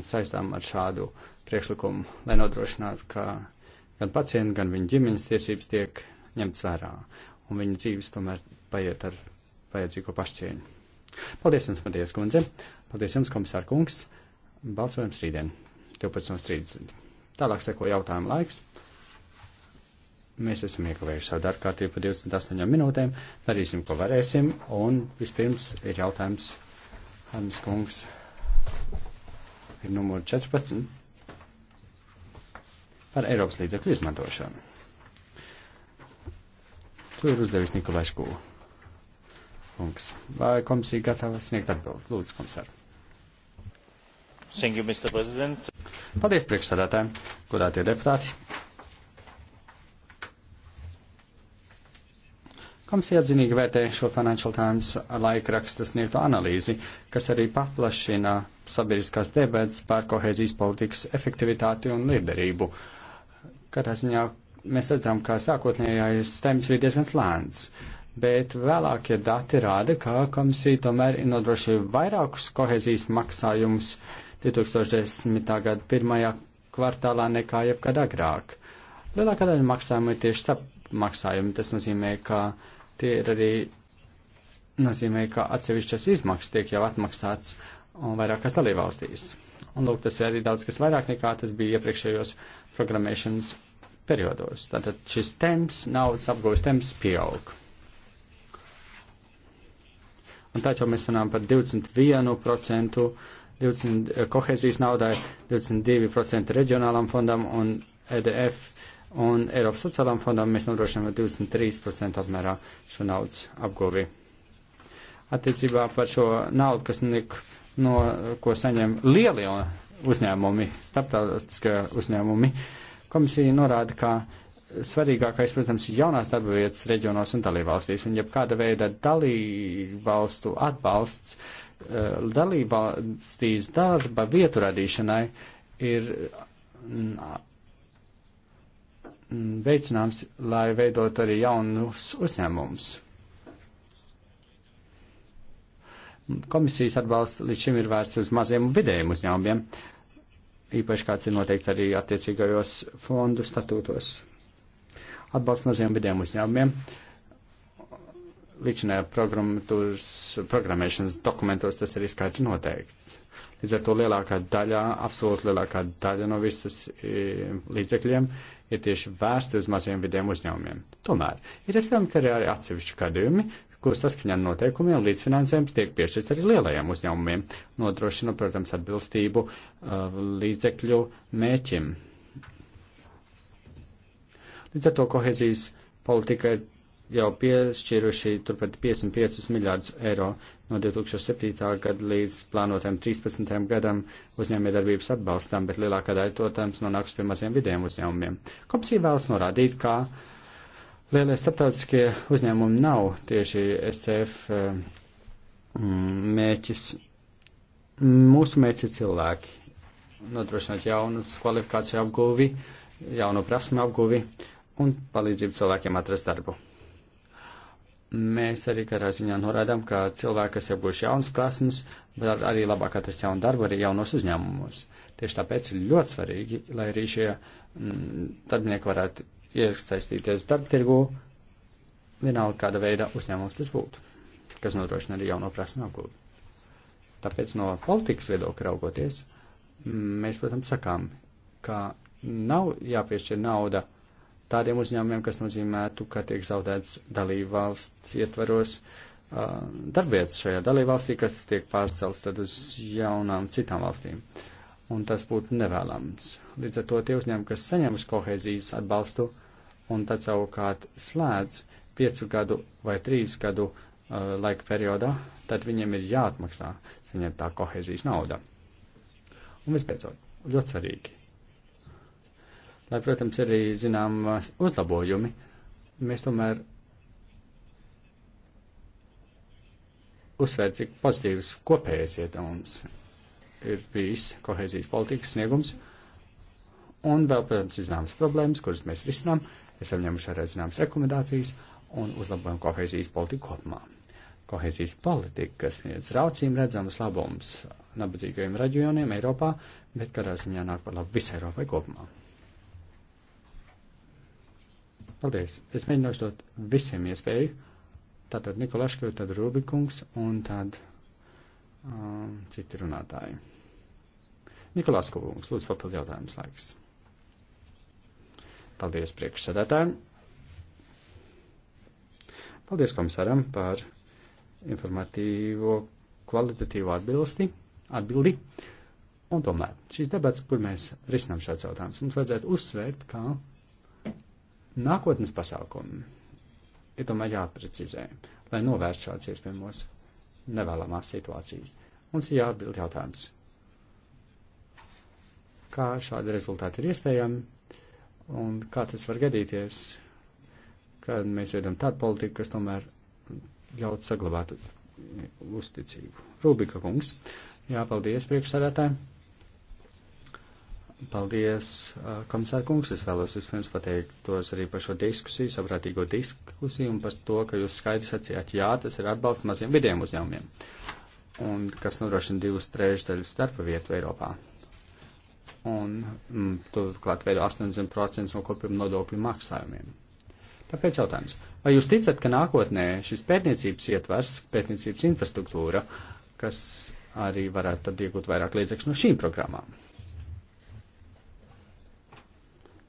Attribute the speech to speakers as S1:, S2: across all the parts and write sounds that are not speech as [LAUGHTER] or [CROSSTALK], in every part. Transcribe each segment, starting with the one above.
S1: un saistām ar šādu priekšlikumu, lai nodrošinātu, ka gan pacienti, gan viņa ģimenes tiesības tiek ņemts vērā, un viņa dzīves tomēr paiet ar vajadzīgo pašcieņu. Paldies jums, Matijas kundze! Paldies jums, komisār kungs! Balsojums rītdien, 12.30. Tālāk seko jautājumu laiks. Mēs esam iekavējuši savu darbkārtību par 28 minūtēm. Darīsim, ko varēsim, un vispirms ir jautājums Hannes kungs ir numur 14 par Eiropas līdzekļu izmantošanu. To ir uzdevis Nikolais Kū. Kungs, vai komisija gatava sniegt atbildi? Lūdzu, komisār. Thank you, Mr. President. Paldies, priekšsādātājiem, godātie deputāti. Komisija atzinīgi vērtē šo Financial Times laikraksta sniegto analīzi, kas arī paplašina sabiedriskās debats par kohēzijas politikas efektivitāti un liederību. Katrā ziņā mēs redzam, ka sākotnējais temps bija diezgan slēns, bet vēlākie dati rāda, ka komisija tomēr ir nodrošījusi vairākus kohēzijas maksājumus 2010. gada pirmajā kvartālā nekā jebkad agrāk. Lielākā daļa maksājumu ir tieši starp maksājumi. Tas nozīmē, ka uh, tie ir arī nozīmē, ka atsevišķas izmaksas tiek jau atmaksāts un vairākas dalībvalstīs. Un lūk, tas ir arī daudz kas vairāk nekā tas bija iepriekšējos programmēšanas periodos. Tātad šis temps, naudas apgūst temps pieaug. Un tā jau mēs runājam par 21%, 20 eh, kohēzijas naudai, 22% reģionālam fondam un EDF Un Eiropas sociālām fondām mēs nodrošinām 23% apmērā šo naudas apguvi. Attiecībā par šo naudu, kas nek, no, ko saņem lielie uzņēmumi, starptautiskie uzņēmumi, komisija norāda, ka svarīgākais, protams, ir jaunās darba vietas reģionos un dalībvalstīs, un jebkāda veida dalībvalstu atbalsts eh, dalībvalstīs darba vietu radīšanai ir Mm, veicināms, lai veidot arī jaunus uzņēmumus. Komisijas atbalsts līdz šim ir vērsts uz maziem un vidējiem uzņēmumiem, īpaši kāds ir noteikts arī attiecīgajos fondu statūtos. Atbalsts maziem un vidējiem uzņēmumiem. Uh, līdzinājā programmēšanas dokumentos tas ir izskaidri noteikts. Līdz ar to lielākā daļā, absolūti lielākā daļa no visas e, līdzekļiem ir tieši vērsti uz maziem vidiem uzņēmumiem. Tomēr ir esam, ka ir arī atsevišķi gadījumi, kur saskaņā ar noteikumiem līdzfinansējums tiek piešķirts arī lielajiem uzņēmumiem, nodrošina, protams, atbilstību e, līdzekļu mēķim. Līdz ar to kohezijas politika ir jau piešķīruši turpat 55 miljārdus eiro no 2007. gada līdz plānotam 13. gadam uzņēmējdarbības atbalstam, bet lielākā daļa to, protams, nonāks pie maziem vidējiem uzņēmumiem. Komisija vēlas norādīt, ka lielie starptautiskie uzņēmumi nav tieši SCF eh, mm, mērķis. Mūsu mērķis ir cilvēki nodrošināt jaunas kvalifikāciju apguvi, jaunu prasmu apguvi un palīdzību cilvēkiem atrast darbu mēs arī katrā ziņā norādām, ka cilvēki, kas iegūši jaunas prasmes, var arī labāk atrast jaunu darbu, arī jaunos uzņēmumus. Tieši tāpēc ir ļoti svarīgi, lai arī šie m, mm, darbinieki varētu iesaistīties darba tirgu, vienalga kāda veida uzņēmums tas būtu, kas nodrošina arī jauno prasmu apgūdu. Tāpēc no politikas viedokļa raugoties, mm, mēs, protams, sakām, ka nav jāpiešķir nauda tādiem uzņēmumiem, kas nozīmētu, ka tiek zaudēts dalībvalsts ietvaros uh, darbvietas šajā dalībvalstī, kas tiek pārcelts tad uz jaunām citām valstīm. Un tas būtu nevēlams. Līdz ar to tie uzņēmumi, kas saņem uz kohēzijas atbalstu un tad savukārt slēdz piecu gadu vai trīs gadu uh, laika periodā, tad viņiem ir jāatmaksā saņemtā kohēzijas nauda. Un visbeidzot, ļoti svarīgi lai, protams, arī zinām uzlabojumi, mēs tomēr uzsvērt, cik pozitīvs kopējais ietekmums ir bijis kohēzijas politikas sniegums. Un vēl, protams, ir zināmas problēmas, kuras mēs risinām, esam ņemuši arī zināmas rekomendācijas un uzlabojam kohēzijas politiku kopumā. Kohēzijas politika, kas sniedz raucīm redzamas labums nabadzīgajiem reģioniem Eiropā, bet kādā ziņā nāk par labu visai Eiropai kopumā. Paldies! Es mēģināšu dot visiem iespēju. Tātad Nikolaška, tad Rubikungs un tad um, citi runātāji. Nikolās Kuvungs, lūdzu, papildu jautājums laiks. Paldies priekšsēdētājiem. Paldies komisaram par informatīvo kvalitatīvu atbilsti, atbildi. Un tomēr šīs debats, kur mēs risinām šāds jautājums, mums vajadzētu uzsvērt, ka Nākotnes pasākumi ir tomēr jāprecizē, lai novērstu šādas iespējamos nevēlamās situācijas. Mums ir jāatbild jautājums, kā šādi rezultāti ir iespējami un kā tas var gadīties, kad mēs veidam tādu politiku, kas tomēr ļaut saglabāt uzticību. Rūbika kungs, jāpaldies priekšsādātājiem. Paldies, komisār kungs. Es vēlos vispirms pateiktos arī par šo diskusiju, saprātīgo diskusiju un par to, ka jūs skaidri sacījāt, jā, tas ir atbalsts maziem vidiem uzņēmumiem, un kas nodrošina divas trešdaļas starpa vietu Eiropā. Un mm, turklāt veido 80% no kopējuma nodokļu maksājumiem. Tāpēc jautājums, vai jūs ticat, ka nākotnē šis pētniecības ietvers, pētniecības infrastruktūra, kas arī varētu tad iegūt vairāk līdzekļu no šīm programmām?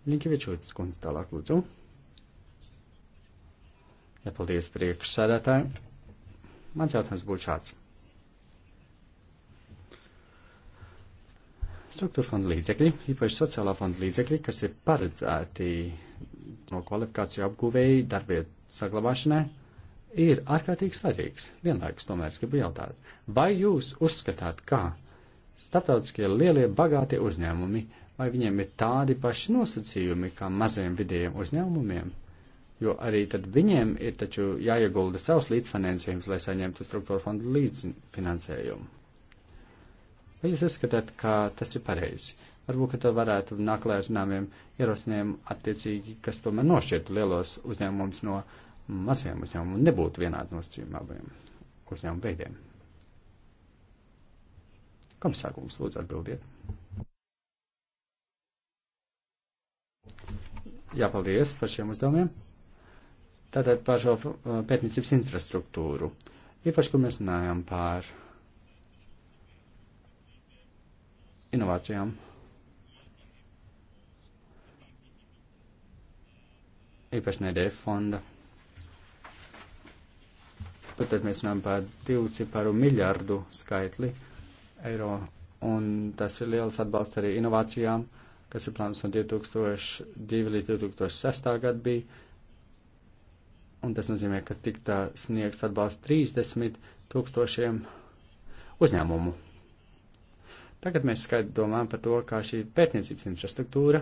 S1: Linkevičūtas kundze tālāk lūdzu. Ja paldies priekšsēdētāji. Mans jautājums būtu šāds. Struktūra fonda līdzekļi, īpaši sociālā fonda līdzekļi, kas ir paredzēti no kvalifikāciju apguvēji darbvietu saglabāšanai, ir ārkārtīgi svarīgs. Vienlaikus tomēr es gribu jautāt, vai jūs uzskatāt, kā starptautiskie lielie bagātie uzņēmumi vai viņiem ir tādi paši nosacījumi kā maziem vidējiem uzņēmumiem, jo arī tad viņiem ir taču jāiegulda savs līdzfinansējums, lai saņemtu struktūra fondu līdzfinansējumu. Vai jūs uzskatāt, ka tas ir pareizi? Varbūt, ka tad varētu nākt klāt ar zināmiem ierosinājumiem attiecīgi, kas tomēr nošķirtu lielos uzņēmumus no maziem uzņēmumiem un nebūtu vienādi nosacījumi abiem uzņēmumu veidiem. Komisārkums, lūdzu atbildiet. jāpaldies par šiem uzdevumiem. Tātad par šo eh, pētniecības infrastruktūru. Īpaši, kur mēs runājam par inovācijām. Īpaši nedēļa fonda. Tad mēs runājam par divu ciparu miljardu skaitli eiro, un tas ir liels atbalsts arī inovācijām kas ir plāns no 2002 līdz 2006 gadu bija, un tas nozīmē, ka tikta sniegts atbalsts 30 tūkstošiem uzņēmumu. Tagad mēs skaidri domājam par to, kā šī pētniecības infrastruktūra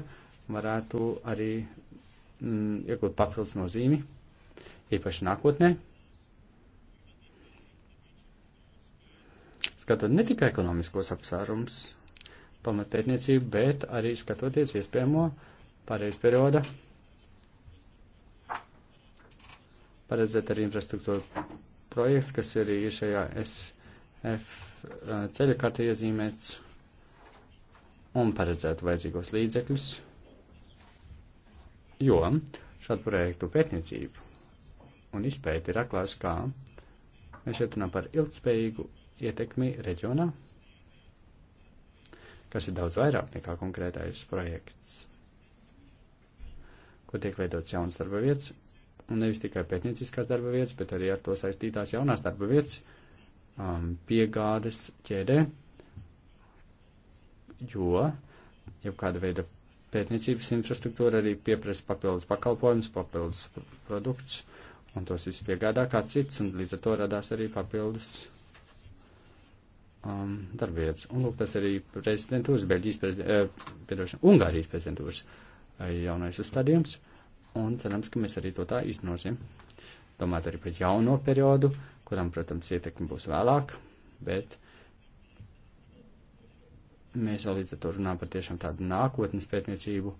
S1: varētu arī mm, iegūt papildus nozīmi, īpaši nākotnē. Skatot ne tikai ekonomiskos apsvērums, pamatpētniecību, bet arī skatoties iespējamo pārējais perioda, paredzēt arī infrastruktūru projekts, kas ir šajā SF ceļa karta iezīmēts un paredzēt vajadzīgos līdzekļus, jo šādu projektu pētniecību un izpēti ir atklāts, kā mēs šeit runājam par ilgspējīgu ietekmi reģionā, kas ir daudz vairāk nekā konkrētais projekts, kur tiek veidots jauns darba vietas, un nevis tikai pētnieciskās darba vietas, bet arī ar to saistītās jaunās darba vietas um, piegādes ķēdē, jo jau kāda veida pētniecības infrastruktūra arī pieprasa papildus pakalpojumus, papildus produktus, un tos viss piegādā kā cits, un līdz ar to radās arī papildus um, darbvietas. Un lūk, tas arī prezidentūras, Beļģijas eh, prezidentūras, eh, Ungārijas prezidentūras jaunais uzstādījums. Un cerams, ka mēs arī to tā iznosim. Domāt arī par jauno periodu, kuram, protams, ietekmi būs vēlāk, bet mēs vēl līdz ar to runājam par tiešām tādu nākotnes pētniecību,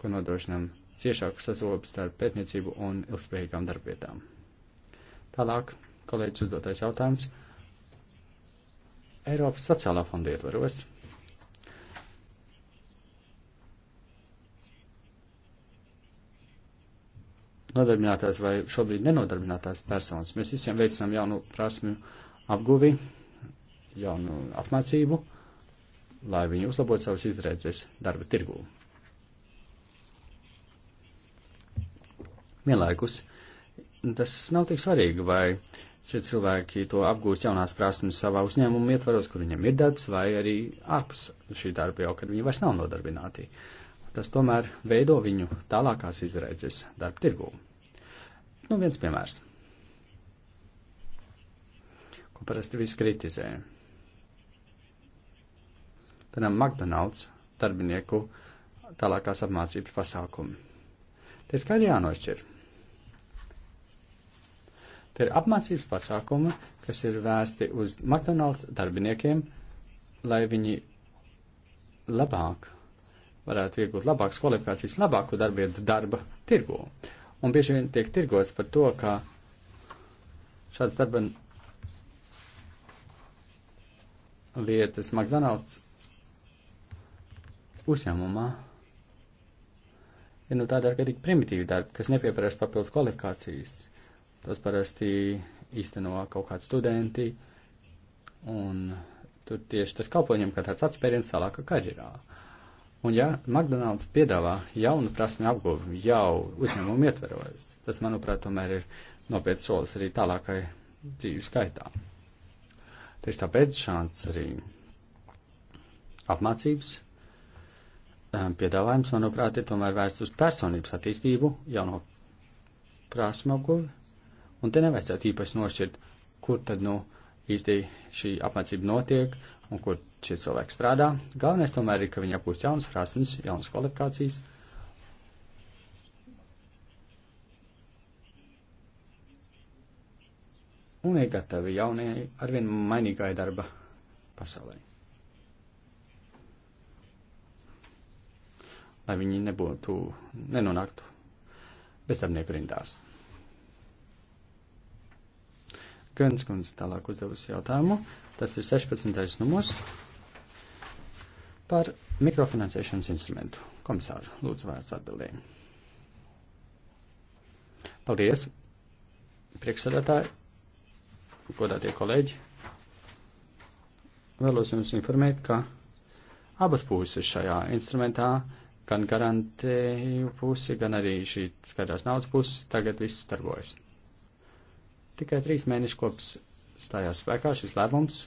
S1: ko nodrošinām ciešāku sazobu starp pētniecību un ilgspējīgām darbvietām. Tālāk, kolēģis uzdotais jautājums Eiropas sociālā fonda ietvaros. Nodarbinātās vai šobrīd nenodarbinātās personas. Mēs visiem veicinām jaunu prasmju apguvi, jaunu apmācību, lai viņi uzlabotu savas izredzes darba tirgū. Vienlaikus tas nav tik svarīgi, vai šie cilvēki to apgūst jaunās prasmes savā uzņēmuma ietvaros, kur viņam ir darbs, vai arī ārpus šī darba jau, kad viņi vairs nav nodarbināti. Tas tomēr veido viņu tālākās izredzes darba tirgū. Nu, viens piemērs, ko parasti visi kritizē. Piemēram, McDonald's darbinieku tālākās apmācības pasākumi. Te skaidri jānošķir Tie ir apmācības pasākumi, kas ir vēsti uz McDonald's darbiniekiem, lai viņi labāk varētu iegūt labākas kvalifikācijas, labāku darbietu darba tirgu. Un bieži vien tiek tirgots par to, ka šāds darba vietas McDonald's uzņēmumā ir nu tāda ārkārtīgi primitīva darba, kas nepieprasa papildus kvalifikācijas tos parasti īsteno kaut kādi studenti, un tur tieši tas kalpo viņam kā tāds atspēriens tālāka karjerā. Un ja McDonald's piedāvā jaunu prasmi apguvi jau uzņēmumu ietveros, tas, manuprāt, tomēr ir nopietns solis arī tālākai dzīves gaitā. Tieši tāpēc šāds arī apmācības um, piedāvājums, manuprāt, ir tomēr vērsts uz personības attīstību, jauno prasmu apguvi Un te nevajadzētu īpaši nošķirt, kur tad nu īsti šī apmācība notiek un kur šie cilvēki strādā. Galvenais tomēr ir, ka viņi apgūst jaunas prasmes, jaunas kvalifikācijas. Un ir gatavi jaunajai, arvien mainīgai darba pasaulē. Lai viņi nebūtu, nenonāktu bezdarbnieku rindās. Gans kundze tālāk uzdevusi jautājumu. Tas ir 16. numurs par mikrofinansēšanas instrumentu. Komisāri, lūdzu vērts atbildēm. Paldies, priekšsēdētāji, godātie kolēģi. Vēlos jums informēt, ka abas puses šajā instrumentā gan garantēju pusi, gan arī šī skaidrās naudas puses tagad viss darbojas. Tikai trīs mēneši kopš stājās spēkā šis lēmums,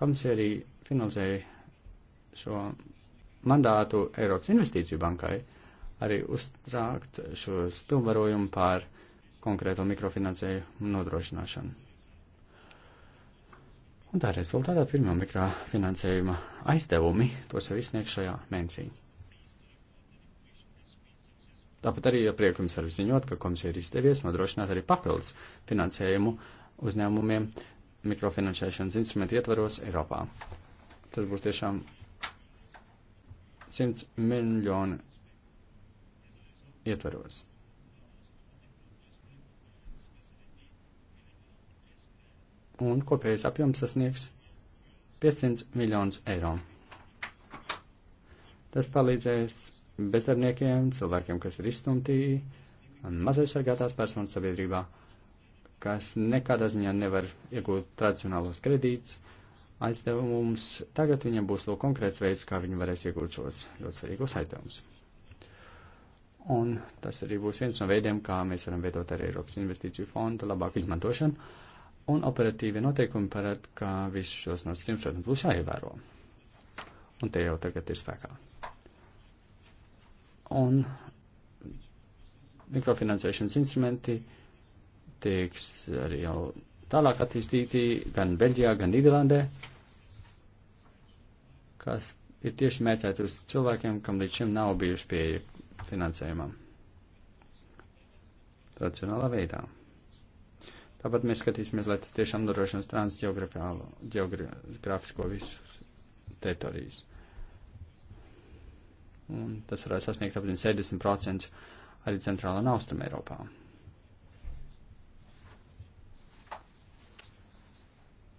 S1: komisija arī finansēja šo mandātu Eiropas investīciju bankai arī uztrākt šos pilnvarojumu pār konkrēto mikrofinansēju nodrošināšanu. Un tā rezultātā pirmā mikrofinansējuma aizdevumi to sev izsniegšajā mēnesī. Tāpat arī priekums var ziņot, ka komisija ir izdevies nodrošināt arī papildus finansējumu uzņēmumiem mikrofinansēšanas instrumentu ietvaros Eiropā. Tas būs tiešām 100 miljoni ietvaros. Un kopējais apjoms sasniegs 500 miljonus eiro. Tas palīdzēs bezdarbniekiem, cilvēkiem, kas ir izstumtī, un mazaizsargātās personas sabiedrībā, kas nekādā ziņā nevar iegūt tradicionālos kredītus, aizdevumus. Tagad viņam būs lūk konkrēts veids, kā viņi varēs iegūt šos ļoti svarīgos aizdevumus. Un tas arī būs viens no veidiem, kā mēs varam veidot arī Eiropas investīciju fondu labāku izmantošanu. Un operatīvi noteikumi parāda, ka visus šos nosacījumus, protams, būs jāievēro. Un tie jau tagad ir spēkā. Un mikrofinansēšanas instrumenti tieks arī jau tālāk attīstīti gan Beļģijā, gan Nīderlandē, kas ir tieši mērķēti uz cilvēkiem, kam līdz šim nav bijuši pieeja finansējumam. Tradicionālā veidā. Tāpat mēs skatīsimies, lai tas tiešām nodrošina transgeogrāfisko visus teritorijas un tas varētu sasniegt apmēram 70% arī centrālā un austruma Eiropā.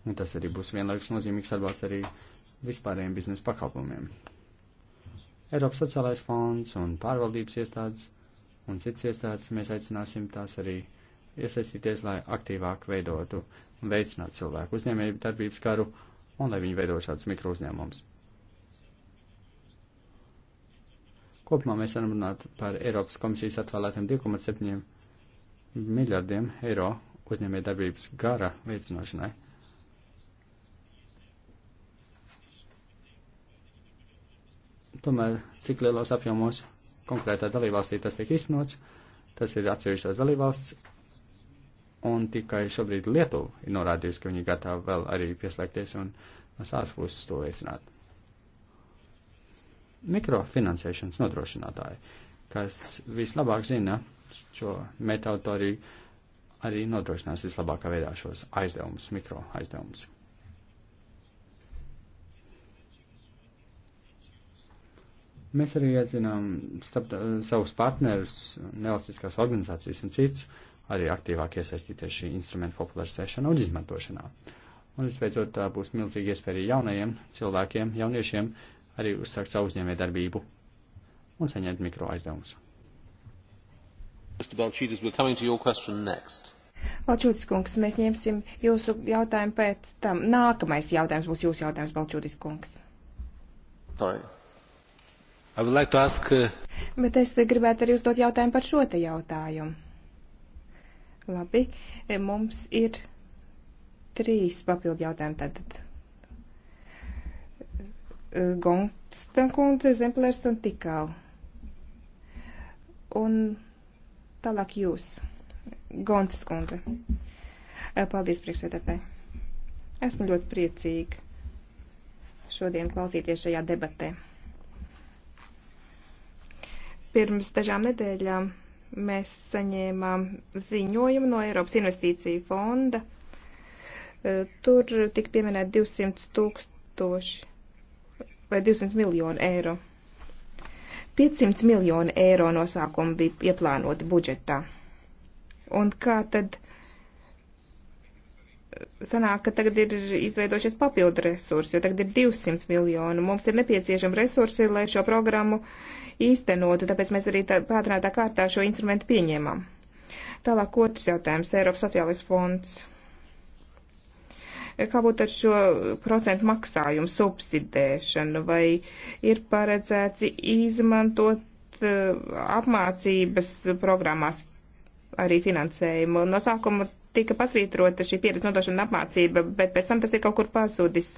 S1: Un tas arī būs vienlaikus nozīmīgs atbalsts arī vispārējiem biznesa pakalpojumiem. Eiropas sociālais fonds un pārvaldības iestādes un citas iestādes mēs aicināsim tās arī iesaistīties, lai aktīvāk veidotu un veicinātu cilvēku uzņēmēju darbības karu un lai viņi veidotu šādus mikro uzņēmumus. Kopumā mēs varam runāt par Eiropas komisijas atvēlētiem 2,7 miljardiem eiro uzņēmē darbības gara veicināšanai. Tomēr, cik lielos apjomos konkrētā dalībvalstī tas tiek iznots, tas ir atsevišķās dalībvalsts, un tikai šobrīd Lietuva ir norādījusi, ka viņi gatavi vēl arī pieslēgties un no savas puses to veicināt mikrofinansēšanas nodrošinātāji, kas vislabāk zina šo metodu arī, arī nodrošinās vislabākā veidā šos aizdevumus, mikro aizdevumus. Mēs arī atzinām starp, savus partnerus, nevalstiskās organizācijas un cits, arī aktīvāk iesaistīties šī instrumenta popularizēšanā un izmantošanā. Un visbeidzot, tā būs milzīga iespēja arī jaunajiem cilvēkiem, jauniešiem arī uzsākt savu uzņēmē darbību un saņemt mikroaizdevumus. Mr. Balčītis, we're coming to your question next.
S2: Balčūtis kungs, mēs ņemsim jūsu jautājumu pēc tam. Nākamais jautājums būs jūsu jautājums, Balčūtis kungs.
S1: Like ask... Uh,
S2: Bet es gribētu arī uzdot jautājumu par šo te jautājumu. Labi, mums ir trīs papildu jautājumi tātad. Gonstankundze, Zemplers un Tikau. Un tālāk jūs, Gonstankundze. Paldies, priekšsēdētāji. Esmu ļoti priecīga šodien klausīties šajā debatē. Pirms dažām nedēļām mēs saņēmām ziņojumu no Eiropas Investīcija fonda. Tur tika pieminēt 200 tūkstoši vai 200 miljonu eiro. 500 miljonu eiro no sākuma bija ieplānoti budžetā. Un kā tad sanāk, ka tagad ir izveidojušies papildu resursi, jo tagad ir 200 miljonu. Mums ir nepieciešami resursi, lai šo programmu īstenotu, tāpēc mēs arī tā, pātrinātā kārtā šo instrumentu pieņēmām. Tālāk otrs jautājums - Eiropas sociālais fonds kā būtu ar šo procentu maksājumu subsidēšanu, vai ir paredzēts izmantot eh, apmācības programmās arī finansējumu. No sākuma tika pasvītrota šī pieredze nodošana apmācība, bet pēc tam tas ir kaut kur pazudis.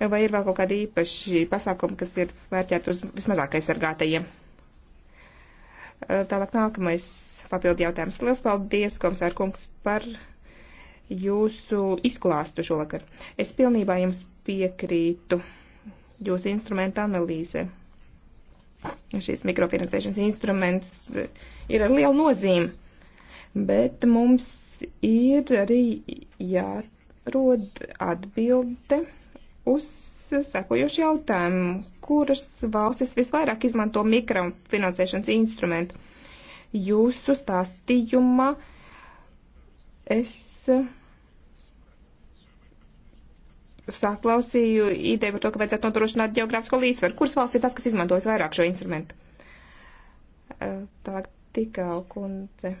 S2: Vai ir vēl kaut kādi īpaši pasākumi, kas ir vērtēti uz vismazāk aizsargātajiem? Eh, tālāk nākamais papildu jautājums. Lielas paldies, komisār kungs, par jūsu izklāstu šovakar. Es pilnībā jums piekrītu jūsu instrumentu analīze. Šis mikrofinansēšanas instruments ir ar lielu nozīmi, bet mums ir arī jārod atbilde uz sekojošu jautājumu, kuras valstis visvairāk izmanto mikrofinansēšanas instrumentu. Jūsu stāstījumā es saklausīju ideju par to, ka vajadzētu nodrošināt geogrāfisko līdzsvaru. Kuras valsts ir tas, kas izmantojas vairāk šo instrumentu? Tālāk tikau kundze.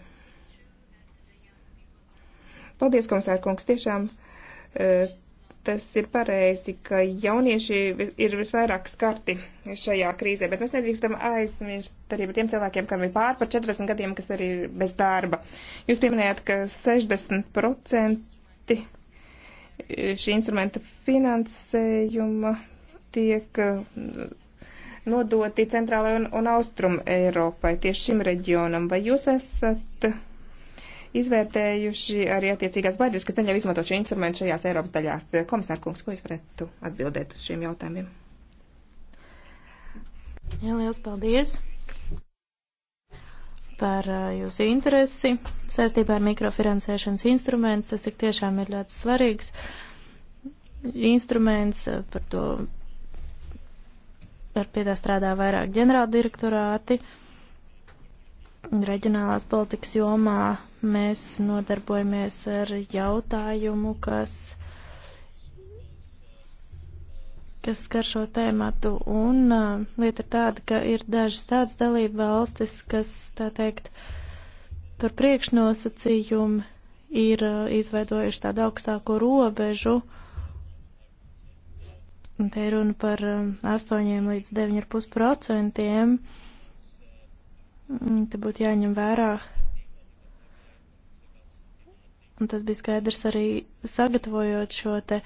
S2: Paldies, komisāra kungs, tiešām tas ir pareizi, ka jaunieši ir visvairāk skarti šajā krīzē, bet mēs nedrīkstam aizmirst arī par tiem cilvēkiem, kam ir pār par 40 gadiem, kas arī ir bez darba. Jūs pieminējāt, ka 60% šī instrumenta finansējuma tiek mm, nodoti centrālajai un, un austrum Eiropai, tieši šim reģionam. Vai jūs esat izvērtējuši arī attiecīgās bažas, kas neļauj izmantot šo instrumentu šajās Eiropas daļās. Komisār kungs, ko jūs varētu atbildēt uz šiem jautājumiem?
S3: Jā, liels paldies par uh, jūsu interesi saistībā ar mikrofinansēšanas instruments. Tas tik tiešām ir ļoti svarīgs instruments, uh, par to ar piedā strādā vairāk ģenerāldirektorāti. direktorāti reģionālās politikas jomā mēs nodarbojamies ar jautājumu, kas, kas skar šo tēmatu. Un uh, lieta ir tāda, ka ir dažas tādas dalība valstis, kas, tā teikt, par priekšnosacījumu ir uh, izveidojuši tādu augstāko robežu. Un te ir runa par 8 um, līdz 9,5 procentiem. Uh, Mm, te būtu jāņem vērā. Un tas bija skaidrs arī sagatavojot šo te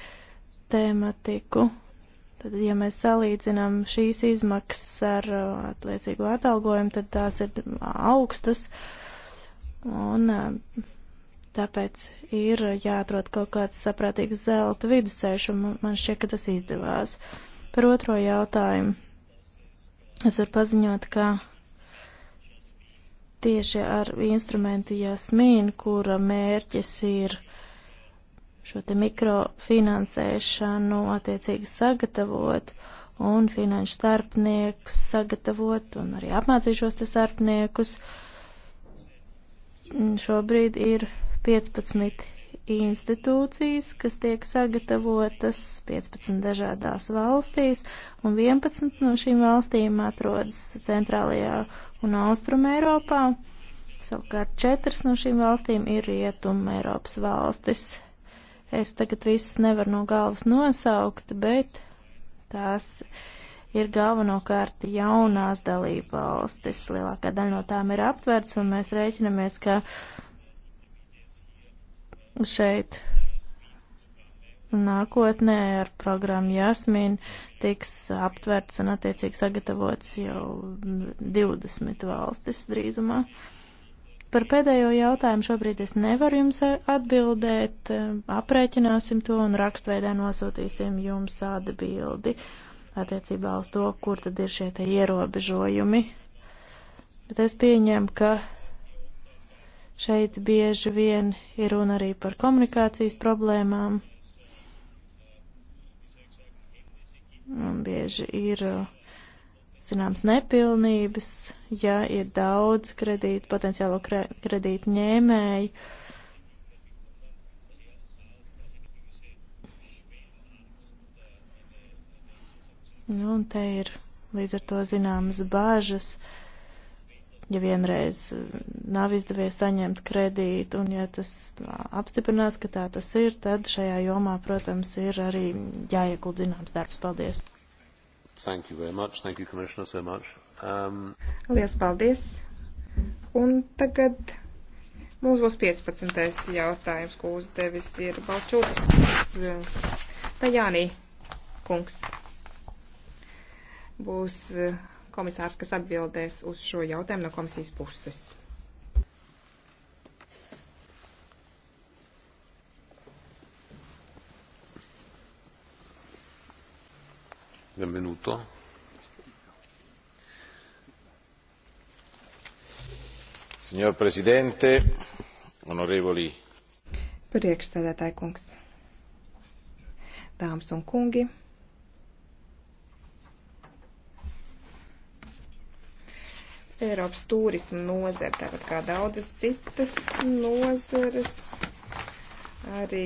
S3: tēmatiku. Tad, ja mēs salīdzinām šīs izmaksas ar uh, atliecīgo atalgojumu, tad tās ir augstas. Un uh, tāpēc ir jāatrod kaut kāds saprātīgs zelta vidusceļš, un man šķiet, ka tas izdevās. Par otro jautājumu es varu paziņot, ka tieši ar instrumentu Jasmīnu, kura mērķis ir šo te mikrofinansēšanu attiecīgi sagatavot un finanšu starpniekus sagatavot un arī apmācīšos te starpniekus. Šobrīd ir 15 institūcijas, kas tiek sagatavotas 15 dažādās valstīs, un 11 no šīm valstīm atrodas centrālajā un Austrum Eiropā. Savukārt četras no šīm valstīm ir Rietuma Eiropas valstis. Es tagad visas nevaru no galvas nosaukt, bet tās ir galvenokārt jaunās dalība valstis. Lielākā daļa no tām ir aptverts, un mēs rēķinamies, ka šeit nākotnē ar programmu Jasmin tiks aptverts un attiecīgi sagatavots jau 20 valstis drīzumā. Par pēdējo jautājumu šobrīd es nevaru jums atbildēt. Aprēķināsim to un rakstveidā nosūtīsim jums atbildi attiecībā uz to, kur tad ir šie te ierobežojumi. Bet es pieņemu, ka šeit bieži vien ir runa arī par komunikācijas problēmām. bieži ir eh, zināms nepilnības, ja ir daudz kredītu, potenciālo kre, kredītu ņēmēju. Nu, un te ir līdz ar to zināmas bāžas. Uh, ja vienreiz eh, nav izdevies saņemt kredītu, un ja tas apstiprinās, ka tā tas ir, tad šajā jomā, protams, ir arī jāiegūt zināms darbs. Paldies!
S2: Thank you very much. Thank you, Commissioner, so much. Um...
S3: Lielas paldies! Un tagad
S2: mums būs 15. jautājums, ko uzdevis ir Balčūtas kungs. Eh, tā Jānī kungs būs eh, komisārs, kas atbildēs uz šo jautājumu no komisijas puses.
S1: Benvenuto. Signor Presidente, onorevoli.
S2: Priekšsēdētāji kungs, dāmas un kungi. Eiropas turismu nozara, tāpat kā daudzas citas nozares, arī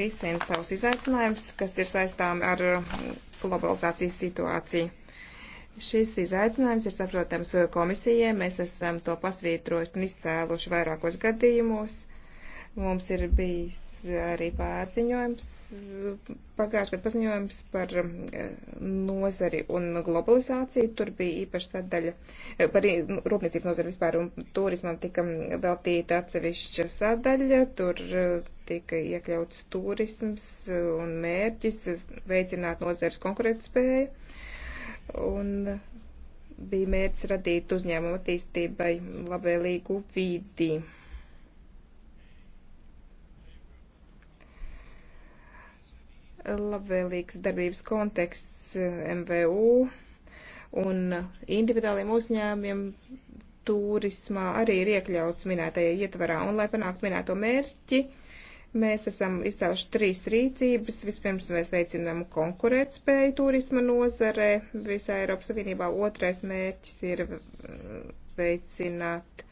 S2: risina savus izaicinājumus, kas ir saistāmi ar mm, globalizācijas situāciju. Šis izaicinājums ir saprotams komisijai, mēs esam to pasvītrojuši un izcēluši vairākos gadījumos Mums ir bijis arī pārziņojums, pagājušajā gadā paziņojums par eh, nozari un globalizāciju. Tur bija īpaši sadaļa eh, par nu, rūpniecības nozari vispār un turismam tika mm, veltīta atsevišķa sadaļa. Tur eh, tika iekļauts turisms un mērķis veicināt nozares konkurētspēju. Un bija mērķis radīt uzņēmumu attīstībai labvēlīgu vidi labvēlīgs darbības konteksts eh, MVU un individuāliem uzņēmiem turismā arī ir iekļauts minētajā ietvarā. Un, lai panāktu minēto mērķi, mēs esam izcēluši trīs rīcības. Vispirms mēs veicinām konkurētspēju turisma nozarē visā Eiropas Savienībā. Otrais mērķis ir mm, veicināt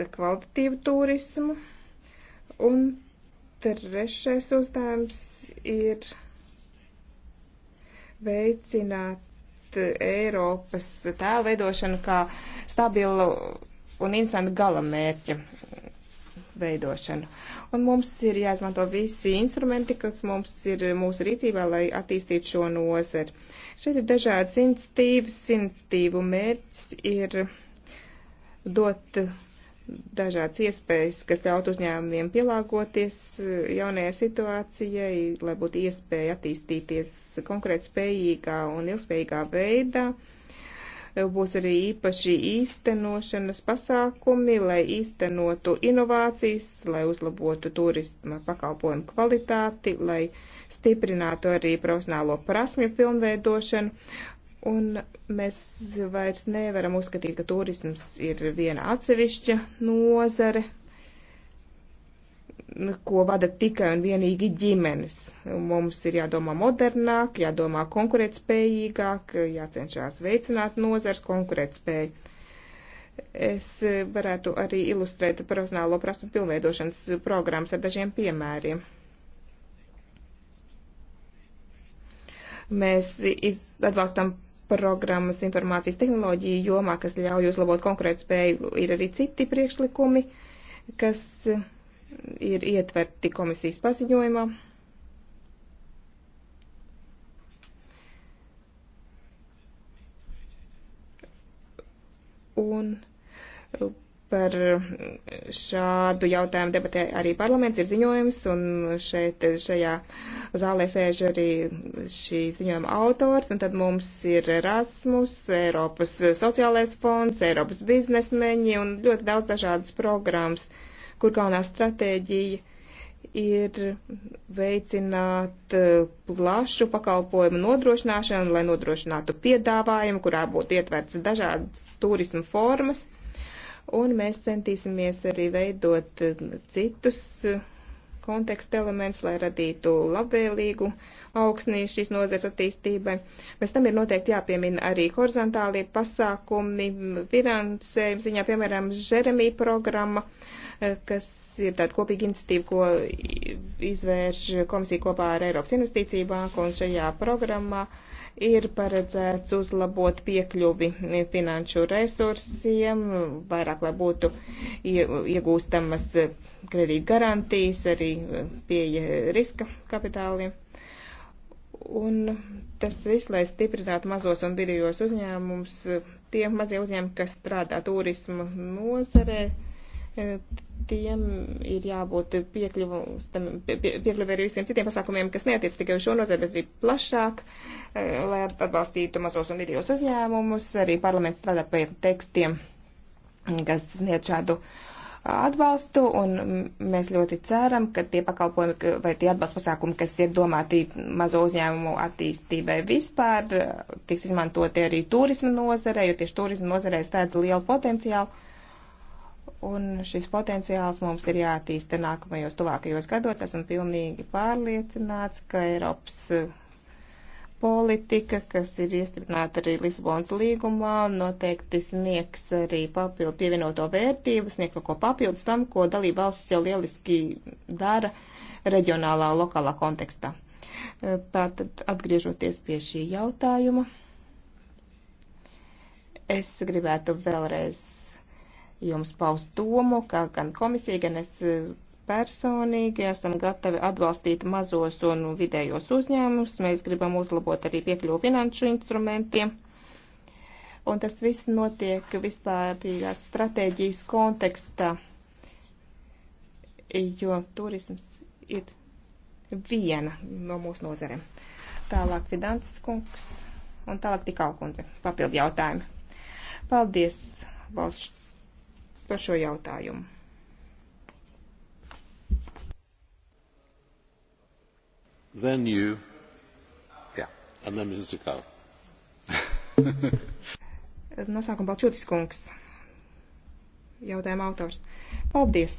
S2: kvalitatīvu turismu. Un Trešais uzdevums ir veicināt Eiropas tēlu veidošanu kā stabilu un interesantu galamērķa veidošanu. Un mums ir jāizmanto visi instrumenti, kas mums ir mūsu rīcībā, lai attīstītu šo nozari. Šeit ir dažādas iniciatīvas. Iniciatīvu mērķis ir dot dažādas iespējas, kas ļaut uzņēmumiem pielāgoties eh, jaunajai situācijai, lai būtu iespēja attīstīties konkrēt spējīgā un ilgspējīgā veidā. Eh, būs arī īpaši īstenošanas pasākumi, lai īstenotu inovācijas, lai uzlabotu turisma pakalpojumu kvalitāti, lai stiprinātu arī profesionālo prasmju pilnveidošanu Un mēs vairs nevaram uzskatīt, ka turisms ir viena atsevišķa nozare, ko vada tikai un vienīgi ģimenes. Mums ir jādomā modernāk, jādomā konkurētspējīgāk, jācenšas veicināt nozars konkurētspēju. Es varētu arī ilustrēt profesionālo prasmu pilnveidošanas programmas ar dažiem piemēriem. Mēs atbalstam programmas informācijas tehnoloģiju jomā, kas ļauj uzlabot konkurētspēju, ir arī citi priekšlikumi, kas ir ietverti komisijas paziņojumā. Un Par šādu jautājumu debatē arī parlaments ir ziņojums, un šeit šajā zālē sēž arī šī ziņojuma autors, un tad mums ir Erasmus, Eiropas sociālais fonds, Eiropas biznesmeņi un ļoti daudz dažādas programmas, kur galvenā stratēģija ir veicināt eh, plašu pakalpojumu nodrošināšanu, lai nodrošinātu piedāvājumu, kurā būtu ietverts dažādas turismu formas un mēs centīsimies arī veidot eh, citus eh, konteksta elements, lai radītu labvēlīgu augsnī šīs nozares attīstībai. Bez tam ir noteikti jāpiemina arī horizontālie pasākumi, finansējums ziņā, piemēram, Žeremī programma, kas ir tāda kopīga iniciatīva, ko izvērš komisija kopā ar Eiropas Investīciju banku, un šajā programmā ir paredzēts uzlabot piekļuvi finanšu resursiem, vairāk, lai būtu iegūstamas kredīt garantijas, arī pieeja riska kapitāliem. Un tas viss, lai stiprinātu mazos un vidējos uzņēmumus, tie mazie uzņēmumi, kas strādā turismu nozarē, E, tiem ir jābūt piekļuvi pie, pie, arī visiem citiem pasākumiem, kas neatiec tikai uz šo nozari, bet arī plašāk, e, lai atbalstītu mazos un vidējos uzņēmumus. Arī parlaments strādā pie tekstiem, kas sniedz šādu atbalstu, un mēs ļoti ceram, ka tie pakalpojumi vai tie atbalsta pasākumi, kas ir domāti mazo uzņēmumu attīstībai vispār, tiks izmantoti arī turisma nozarei, jo tieši turisma nozarei stāda lielu potenciālu un šis potenciāls mums ir jātīsta nākamajos tuvākajos gados. Esmu pilnīgi pārliecināts, ka Eiropas eh, politika, kas ir iestiprināta arī Lisabonas līgumā, noteikti sniegs arī papildu pievienoto vērtību, sniegs kaut ko papildus tam, ko dalība valsts jau lieliski dara reģionālā un lokālā kontekstā. Eh, tātad atgriežoties pie šī jautājuma, es gribētu vēlreiz jums paust domu, ka gan komisija, gan es eh, personīgi esam gatavi atbalstīt mazos un vidējos uzņēmumus. Mēs gribam uzlabot arī piekļuvu finanšu instrumentiem. Un tas viss notiek vispārīgās stratēģijas kontekstā, jo turisms ir viena no mūsu nozarēm. Tālāk Fidanses kungs un tālāk tikā kundze. Papildu jautājumi. Paldies, valsts par šo jautājumu. Then you, yeah, and then Mrs. Tikau.
S1: [LAUGHS]
S2: Nosākuma Balčūtis kungs, jautājuma autors. Paldies,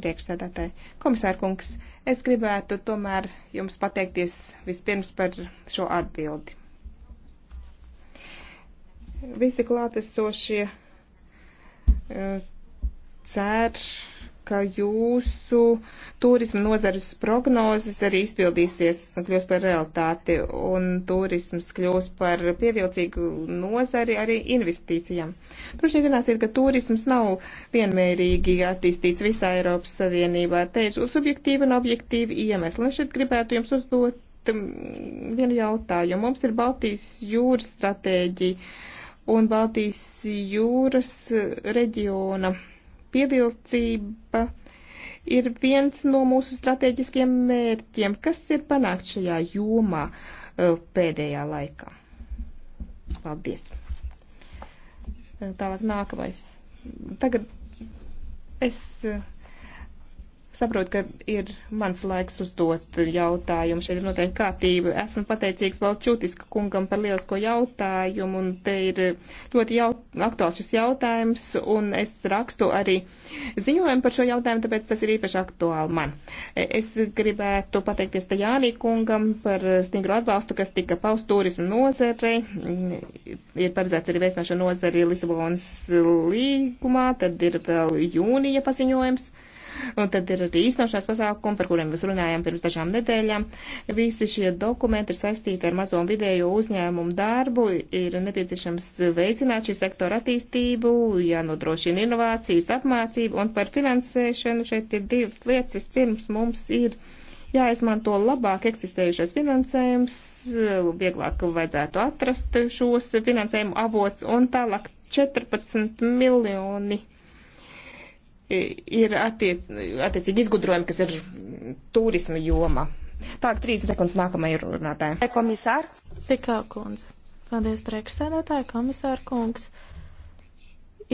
S2: priekšsēdētāji. Komisāra kungs, es gribētu tomēr jums pateikties vispirms par šo atbildi. Visi klātesošie cer, ka jūsu turisma nozares prognozes arī izpildīsies un kļūs par realitāti, un turisms kļūs par pievilcīgu nozari arī investīcijām. Droši vien zināsiet, ka turisms nav vienmērīgi attīstīts visā Eiropas Savienībā. Te ir subjektīvi un objektīvi iemesli, un šeit gribētu jums uzdot mm, vienu jautājumu. Mums ir Baltijas jūras stratēģija un Baltijas jūras reģiona pievilcība ir viens no mūsu strateģiskiem mērķiem. Kas ir panākt šajā jomā eh, pēdējā laikā? Paldies. Eh, tālāk nākamais. Tagad es eh, Saprotu, ka ir mans laiks uzdot jautājumu. Šeit ir noteikti kārtība. Esmu pateicīgs Valčūtiska kungam par lielisko jautājumu, un te ir ļoti jaut, aktuāls šis jautājums, un es rakstu arī ziņojumu par šo jautājumu, tāpēc tas ir īpaši aktuāli man. E, es gribētu pateikties te Jānī kungam par stingru atbalstu, kas tika paust turismu nozarei. Mm, ir paredzēts arī veicināšana nozari Lisabonas līgumā, tad ir vēl jūnija paziņojums. Un tad ir arī īstenošanās pasākumi, par kuriem mēs runājām pirms dažām nedēļām. Visi šie dokumenti ir saistīti ar mazo un vidējo uzņēmumu darbu. Ir nepieciešams veicināt šī sektora attīstību, jānodrošina inovācijas, apmācību un par finansēšanu. Šeit ir divas lietas. Vispirms mums ir jāizmanto labāk eksistējušais finansējums, vieglāk vajadzētu atrast šos finansējumu avots un tālāk 14 miljoni ir attiec, attiecīgi izgudrojumi, kas ir
S3: turismu joma. Tālāk 30 sekundes nākamajai runātājai. Komisār? Tikā kundze. Paldies priekšsēdētāji, komisāra kungs.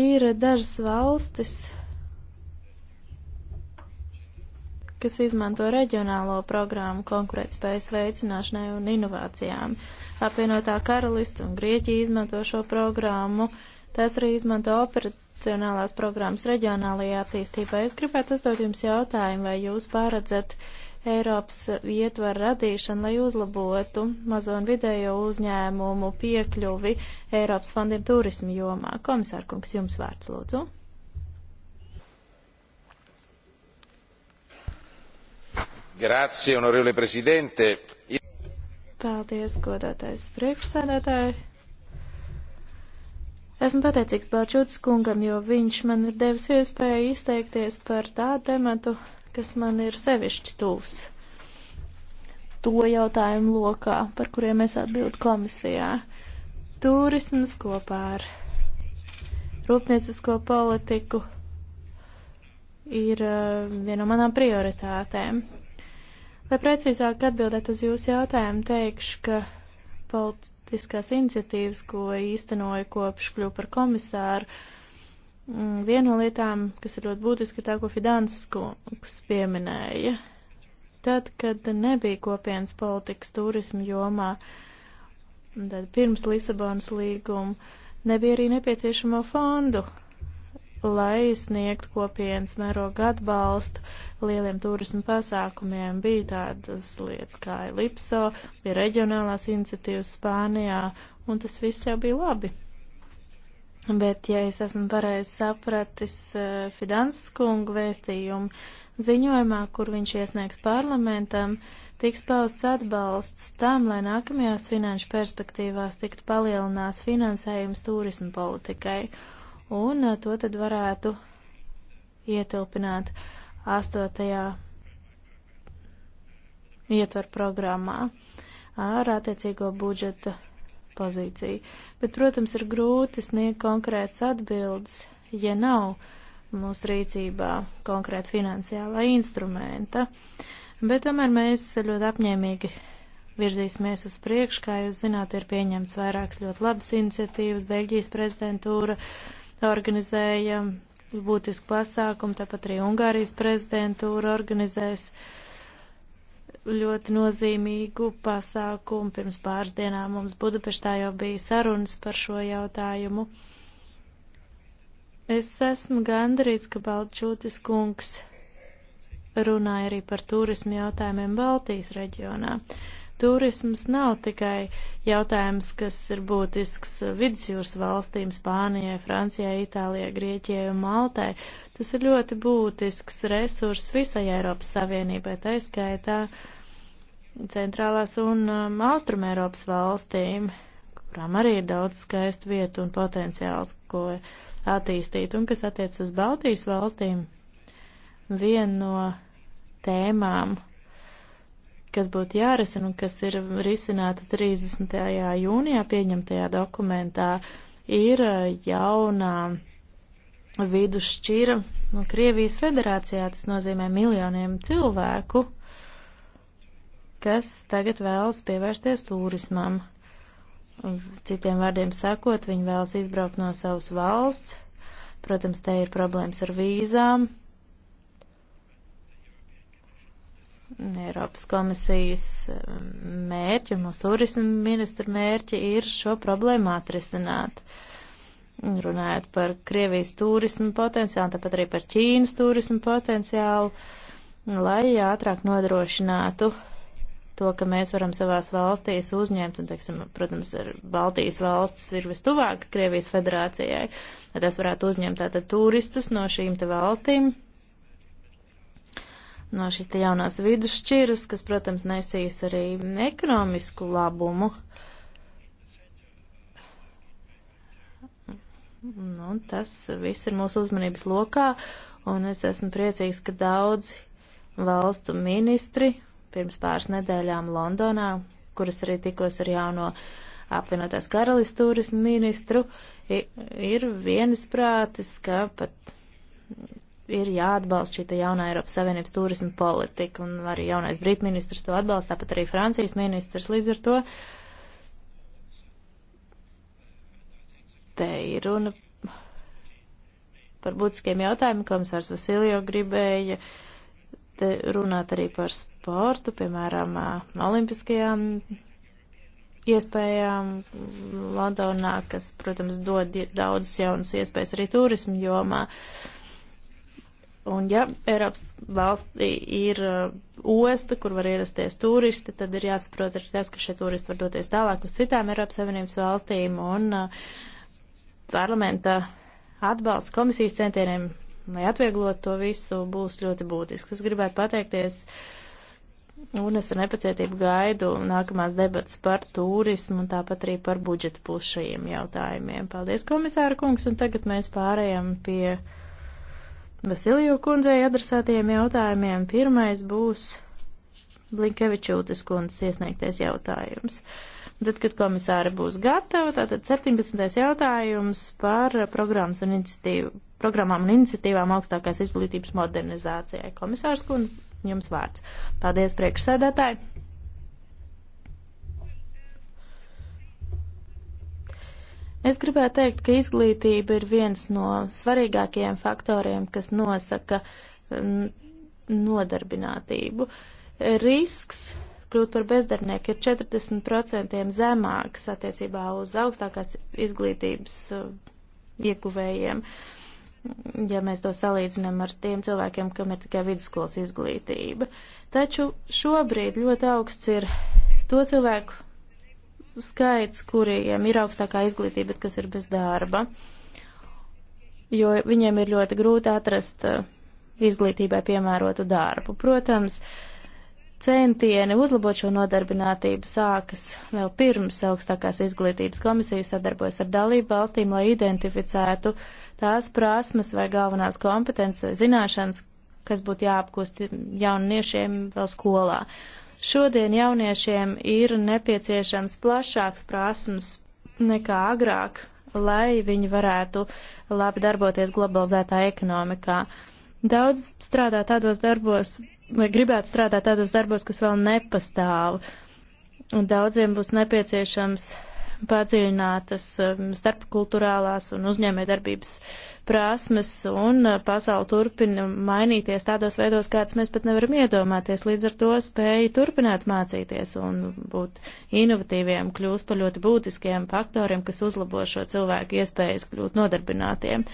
S3: Ir dažas valstis, kas izmanto reģionālo programmu konkurētspējas veicināšanai un inovācijām. Apvienotā karalista un Grieķija izmanto šo programmu. Tās arī izmanto operat Nacionālās programmas reģionālajā attīstībā. Es gribētu uzdot jums jautājumu, vai jūs pāredzat Eiropas ietvaru radīšanu, lai uzlabotu mazo un vidējo uzņēmumu piekļuvi Eiropas fondiem turismu jomā. Komisārkungs, jums vārds lūdzu.
S1: Grazie, onorevole prezidente.
S3: Paldies, godātais priekšsēdētāji. Esmu pateicīgs Balčūtas kungam, jo viņš man ir devis iespēju izteikties par tādu tematu, kas man ir sevišķi tūs to jautājumu lokā, par kuriem es atbildu komisijā. Turisms kopā ar rūpniecisko politiku ir uh, viena no manām prioritātēm. Lai precīzāk atbildētu uz jūsu jautājumu, teikšu, ka politi politiskās iniciatīvas, ko īstenoju kopš kļuvu par komisāru. Mm, viena no lietām, kas ir ļoti būtiska, ir tā, ko Fidanses kungs pieminēja. Tad, kad nebija kopienas politikas turismu jomā, tad pirms Lisabonas līguma nebija arī nepieciešamo fondu lai sniegtu kopienas mēroga atbalstu lieliem turismu pasākumiem. Bija tādas lietas kā Elipso, bija reģionālās iniciatīvas Spānijā, un tas viss jau bija labi. Bet, ja es esmu pareizi sapratis uh, eh, Fidanses kungu vēstījumu ziņojumā, kur viņš iesniegs parlamentam, tiks pausts atbalsts tam, lai nākamajās finanšu perspektīvās tiktu palielināts finansējums turismu politikai. Uh, un uh, to tad varētu ietilpināt astotajā ietver programmā ar attiecīgo budžeta pozīciju. Bet, protams, ir grūti sniegt konkrētas atbildes, ja nav mūsu rīcībā konkrēta finansiālā instrumenta. Bet tomēr mēs ļoti apņēmīgi virzīsimies uz priekšu, kā jūs zināt, ir pieņemts vairākas ļoti labas iniciatīvas, Beļģijas prezidentūra, uh, organizēja būtisku pasākumu, tāpat arī Ungārijas prezidentūra organizēs ļoti nozīmīgu pasākumu. Pirms pāris dienām mums Budapeštā jau bija sarunas par šo jautājumu. Es esmu gandarīts, ka Balčūtis kungs runāja arī par turismu jautājumiem Baltijas reģionā. Uh, Turisms nav tikai jautājums, kas ir būtisks vidusjūras valstīm - Spānijai, Francijai, Itālijai, Grieķijai un Maltai. Tas ir ļoti būtisks resurs visai Eiropas Savienībai, tā skaitā centrālās un um, austrum Eiropas valstīm, kurām arī ir daudz skaistu vietu un potenciāls, ko attīstīt. Un kas attiec uz Baltijas valstīm, viena no tēmām, kas būtu jārisina un kas ir risināta 30. jūnijā pieņemtajā dokumentā, ir jaunā vidusšķira no Krievijas federācijā. Tas nozīmē miljoniem cilvēku, kas tagad vēlas pievērsties turismam. Citiem vārdiem sakot, viņi vēlas izbraukt no savas valsts. Protams, te ir problēmas ar vīzām, Eiropas komisijas um, mērķi un mūsu turismu ministra mērķi ir šo problēmu atrisināt. Runājot par Krievijas turismu potenciālu, tāpat arī par Ķīnas turismu potenciālu, lai ātrāk nodrošinātu to, ka mēs varam savās valstīs uzņemt, un, teiksim, protams, ar Baltijas valstis ir vistuvāk Krievijas federācijai, lai tas varētu uzņemt tātad turistus no šīm te valstīm, no šīs te jaunās vidusšķiras, kas, protams, nesīs arī ekonomisku labumu. Nu, tas viss ir mūsu uzmanības lokā, un es esmu priecīgs, ka daudzi valstu ministri pirms pāris nedēļām Londonā, kuras arī tikos ar jauno apvienotās karalistu turismu ministru, ir vienisprātis, ka pat ir jāatbalsta šī jaunā Eiropas Savienības turisma politika, un arī jaunais Brit ministrs to atbalsta, tāpat arī Francijas ministrs līdz ar to. Te ir runa par būtiskiem jautājumiem, komisārs Vasiljo gribēja te runāt arī par sportu, piemēram, olimpiskajām iespējām Londonā, kas, protams, dod daudzas jaunas iespējas arī turismu jomā. Uh, Un ja Eiropas valstī ir uh, osta, kur var ierasties turisti, tad ir jāsaprot arī tas, ka šie turisti var doties tālāk uz citām Eiropas Savienības valstīm. Un uh, parlamenta atbalsts komisijas centieniem, lai atvieglotu to visu, būs ļoti būtisks. Es gribētu pateikties. Un es ar nepacietību gaidu nākamās debatas par turismu un tāpat arī par budžeta pušajiem jautājumiem. Paldies, komisāra kungs, un tagad mēs pārējām pie. Vasiliju kundzei adresētajiem jautājumiem. Pirmais būs Blinkevičūtas kundzes iesniegtais jautājums. Tad, kad komisāri būs gatavi, tātad 17. jautājums par programmas un iniciatīvu, programmām un iniciatīvām augstākās izglītības modernizācijai. Komisārs kundze, jums vārds. Paldies, priekšsēdētāji! Es gribētu teikt, ka izglītība ir viens no svarīgākajiem faktoriem, kas nosaka nodarbinātību. Risks kļūt par bezdarbnieku ir 40% zemāks attiecībā uz augstākās izglītības uh, ieguvējiem, ja mēs to salīdzinām ar tiem cilvēkiem, kam ir tikai vidusskolas izglītība. Taču šobrīd ļoti augsts ir to cilvēku skaits, kuriem ir augstākā izglītība, bet kas ir bez darba, jo viņiem ir ļoti grūti atrast uh, izglītībai piemērotu darbu. Protams, centieni uzlabot šo nodarbinātību sākas vēl pirms augstākās izglītības komisijas sadarbojas ar dalību valstīm, lai identificētu tās prasmes vai galvenās kompetences vai zināšanas, kas būtu jāapgūst jauniešiem vēl skolā. Šodien jauniešiem ir nepieciešams plašāks prasmes nekā agrāk, lai viņi varētu labi darboties globalizētā ekonomikā. Daudz strādā tādos darbos, vai gribētu strādāt tādos darbos, kas vēl nepastāv. Un daudziem būs nepieciešams padziļinātas um, starpkulturālās un uzņēmējdarbības prasmes, un uh, pasauli turpina mainīties tādos veidos, kāds mēs pat nevaram iedomāties. Līdz ar to spēja turpināt mācīties un būt inovatīviem, kļūst par ļoti būtiskiem faktoriem, kas uzlabo šo cilvēku iespējas kļūt nodarbinātiem.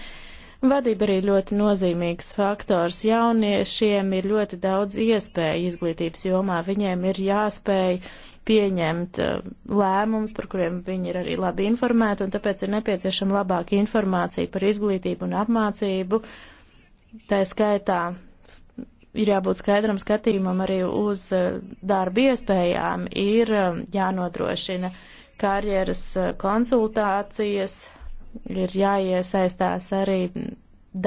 S3: Vadība arī ļoti nozīmīgs faktors. Jauniešiem ir ļoti daudz iespēju izglītības jomā. Viņiem ir jāspēj uh, pieņemt eh, lēmumus, par kuriem viņi ir arī labi informēti, un tāpēc ir nepieciešama labāka informācija par izglītību un apmācību. Tā skaitā ir jābūt skaidram skatījumam arī uz eh, darba iespējām, ir eh, jānodrošina karjeras konsultācijas, ir jāiesaistās arī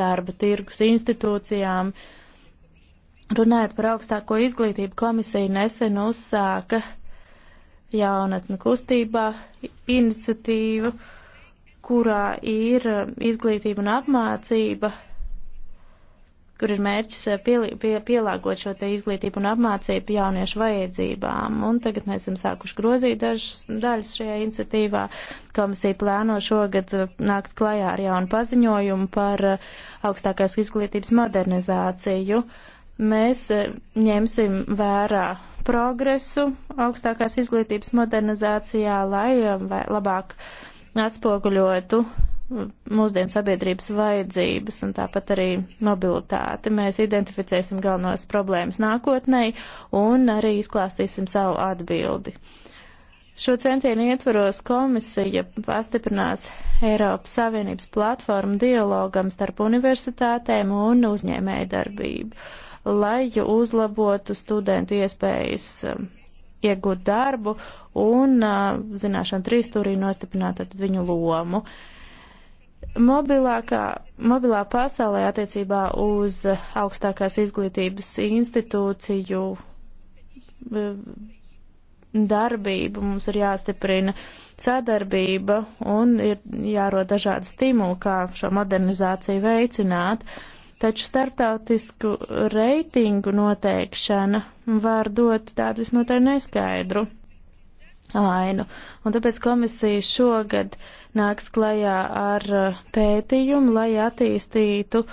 S3: darba tirgus institūcijām. Runājot par augstāko izglītību, komisija nesen uzsāka jaunatne kustībā iniciatīvu, kurā ir um, izglītība un apmācība, kur ir mērķis uh, piel, pie, pielāgot šo te izglītību un apmācību jauniešu vajadzībām. Un tagad mēs esam sākuši grozīt dažas daļas šajā iniciatīvā. Komisija plāno šogad uh, nākt klajā ar jaunu paziņojumu par uh, augstākās izglītības modernizāciju. Uh, Mēs e, ņemsim vērā progresu augstākās izglītības modernizācijā, lai e, labāk atspoguļotu e, mūsdienu sabiedrības vajadzības un tāpat arī mobilitāti. Mēs identificēsim galvenos problēmas nākotnē un arī izklāstīsim savu atbildi. Šo centienu ietvaros komisija pastiprinās Eiropas Savienības platformu dialogam starp universitātēm un uzņēmējdarbību. darbību lai uzlabotu studentu iespējas um, iegūt darbu un uh, zināšanu trīstūrī nostiprināt viņu lomu. Mobilākā, mobilā pasaulē attiecībā uz augstākās izglītības institūciju uh, darbību, mums ir jāstiprina sadarbība un ir jārod dažādi stimuli, kā šo modernizāciju veicināt. Uh, taču startautisku reitingu noteikšana var dot tādu visnotaļ neskaidru ainu. Un tāpēc komisija šogad nāks klajā ar uh, pētījumu, lai attīstītu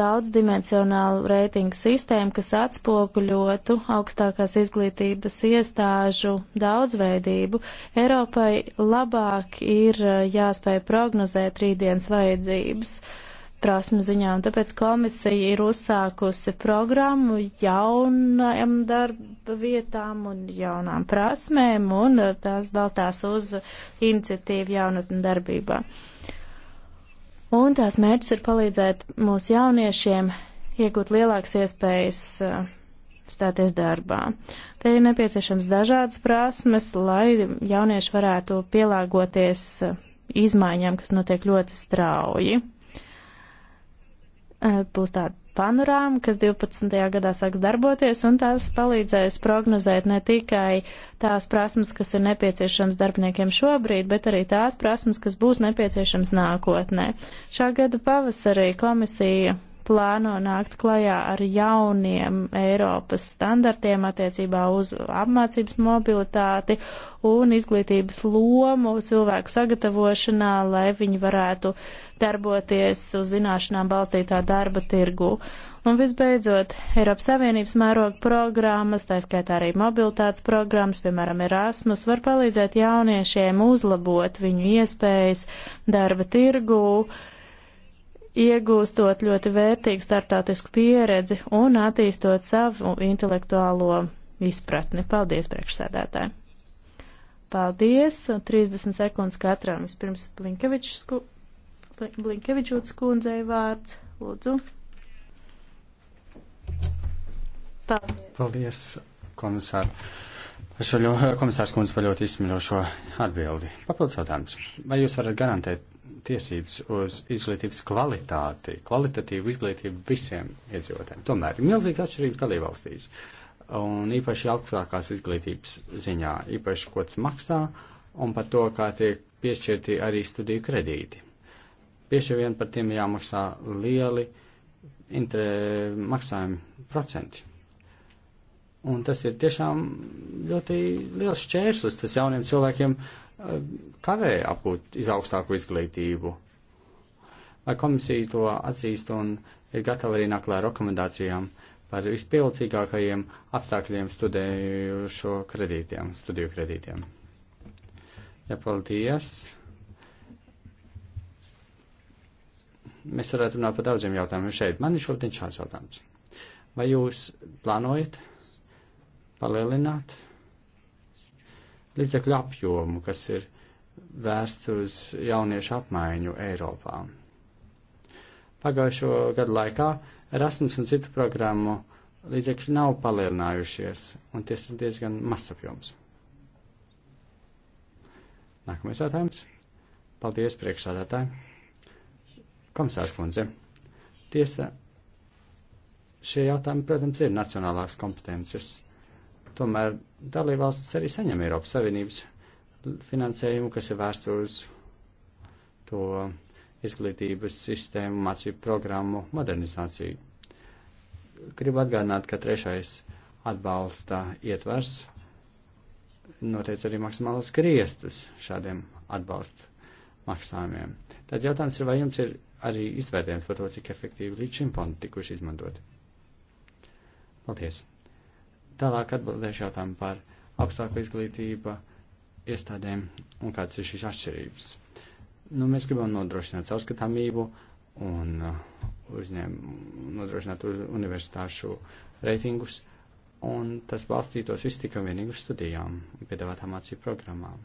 S3: daudzdimensionālu reitingu sistēmu, kas atspoguļotu augstākās izglītības iestāžu daudzveidību. Eiropai labāk ir uh, jāspēj prognozēt rītdienas vajadzības. Uh, prasmu ziņā, un tāpēc komisija ir uzsākusi programmu jaunajām darba vietām un jaunām prasmēm, un tās balstās uz iniciatīvu jaunatni darbībā. Un tās mērķis ir palīdzēt mūsu jauniešiem iegūt lielākas iespējas uh, stāties darbā. Te ir nepieciešams dažādas prasmes, lai jaunieši varētu pielāgoties uh, izmaiņām, kas notiek ļoti strauji. Eh, būs tāda panorāma, kas 12. gadā sāks darboties, un tās palīdzēs prognozēt ne tikai tās prasmes, kas ir nepieciešams darbiniekiem šobrīd, bet arī tās prasmes, kas būs nepieciešams nākotnē. Šā gada pavasarī komisija plāno nākt klajā ar jauniem Eiropas standartiem attiecībā uz apmācības mobilitāti un izglītības lomu cilvēku sagatavošanā, lai viņi varētu darboties uz zināšanām balstītā darba tirgu. Un visbeidzot, Eiropas Savienības mēroga programmas, tā skaitā arī mobilitātes programmas, piemēram, Erasmus, var palīdzēt jauniešiem uzlabot viņu iespējas darba tirgū, iegūstot ļoti vērtīgu startautisku pieredzi un attīstot savu intelektuālo izpratni. Paldies, priekšsēdētāji! Paldies! 30 sekundes katram. Vispirms Blinkevičūtas kundzei vārds. Lūdzu. Paldies!
S1: Paldies, komisār! Šo ļo, komisārs kundze par ļoti izsmiļošo atbildi. Papildus jautājums. Vai jūs varat garantēt tiesības uz izglītības kvalitāti, kvalitatīvu izglītību visiem iedzīvotājiem. Tomēr ir milzīgs atšķirības dalībvalstīs. Un īpaši augstākās izglītības ziņā, īpaši ko tas maksā un par to, kā tiek piešķirti arī studiju kredīti. Bieži vien par tiem jāmaksā lieli intre, maksājumi procenti. Un tas ir tiešām ļoti liels šķērslis tas jauniem cilvēkiem. Uh, kavē apgūt izaugstāku izglītību. Lai komisija to atzīst un ir gatava arī naklē rekomendācijām par vispilcīgākajiem apstākļiem studējušo kredītiem, studiju kredītiem. Ja paldies! Mēs varētu runāt par daudziem jautājumiem šeit. Man ir šodien šāds jautājums. Vai jūs plānojat palielināt līdzekļu apjomu, kas ir vērsts uz jauniešu apmaiņu Eiropā. Pagājušo gadu laikā Erasmus un citu programmu līdzekļi nav palielinājušies, un tas ir diezgan masapjoms. Nākamais jautājums. Paldies, priekšsādātāji. Komisārs kundze. Tiesa, šie jautājumi, protams, ir nacionālās kompetences. Tomēr dalībvalstis arī saņem Eiropas Savienības finansējumu, kas ir vērsts uz to izglītības sistēmu, mācību programmu modernizāciju. Gribu atgādināt, ka trešais atbalsta ietvers noteica arī maksimālus griestus šādiem atbalsta maksājumiem. Tad jautājums ir, vai jums ir arī izvērtējums par to, cik efektīvi līdz šim fondi tikuši izmantoti. Paldies! Tālāk atbildēšu jautājumu par augstāko izglītību iestādēm un kādas ir šīs atšķirības. Nu, mēs gribam nodrošināt caurskatāmību un uh, uzņēm, nodrošināt uz universitāšu reitingus, un tas balstītos viss tikai un vienīgi uz studijām un piedāvātām mācību programmām.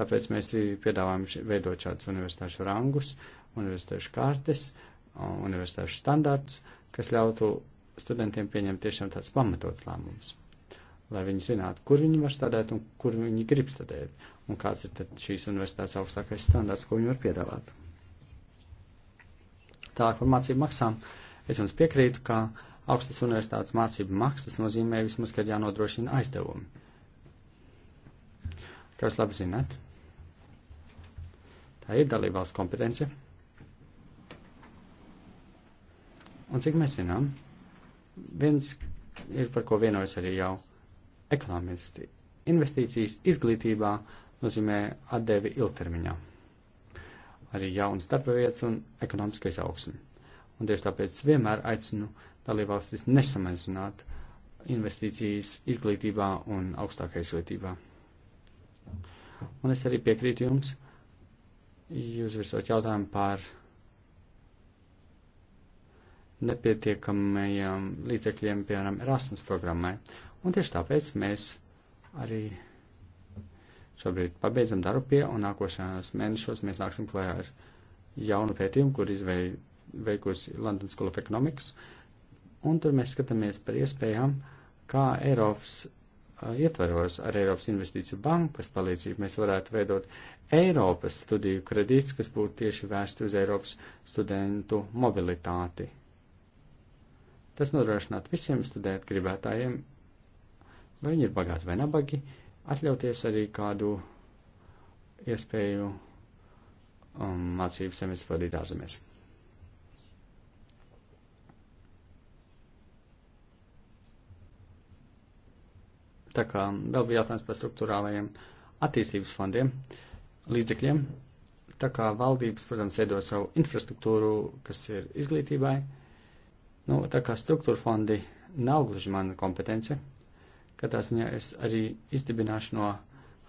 S1: Tāpēc mēs piedāvājam veidot šādus universitāšu rangus, universitāšu kartes, uh, universitāšu standartus, kas ļautu studentiem pieņemt tiešām tāds pamatots lēmums, lai viņi zinātu, kur viņi var studēt un kur viņi grib studēt, un kāds ir tad šīs universitātes augstākais standarts, ko viņi var piedāvāt. Tālāk par mācību maksām. Es jums piekrītu, ka augstas universitātes mācību maksas nozīmē vismaz, ka ir jānodrošina aizdevumi. Kā jūs labi zināt, tā ir dalībvalsts kompetence. Un cik mēs zinām, viens ir par ko vienojas arī jau ekonomisti. Investīcijas izglītībā nozīmē atdevi ilgtermiņā. Arī jaunas darba vietas un ekonomiskais augsni. Un tieši tāpēc vienmēr aicinu dalībvalstis nesamazināt investīcijas izglītībā un augstākā izglītībā. Un es arī piekrītu jums, jūs virsot jautājumu par nepietiekamajiem līdzekļiem, piemēram, Erasmus programmai. Un tieši tāpēc mēs arī šobrīd pabeidzam darbu pie, un nākošās mēnešos mēs nāksim klājā ar jaunu pētījumu, kur izveikusi London School of Economics, un tur mēs skatāmies par iespējām, kā Eiropas uh, ietvaros ar Eiropas investīciju bankas palīdzību mēs varētu veidot Eiropas studiju kredītus, kas būtu tieši vērsti uz Eiropas studentu mobilitāti. Tas nodrošinātu visiem studēt gribētājiem, vai viņi ir bagāti vai nabagi, atļauties arī kādu iespēju um, mācību semestru vadīt ārzemēs. Tā kā vēl bija jautājums par struktūrālajiem attīstības fondiem, līdzekļiem. Tā kā valdības, protams, veido savu infrastruktūru, kas ir izglītībai. Uh, Nu, tā kā struktūra fondi nav gluži mana kompetence, katrā ziņā es arī izdibināšu no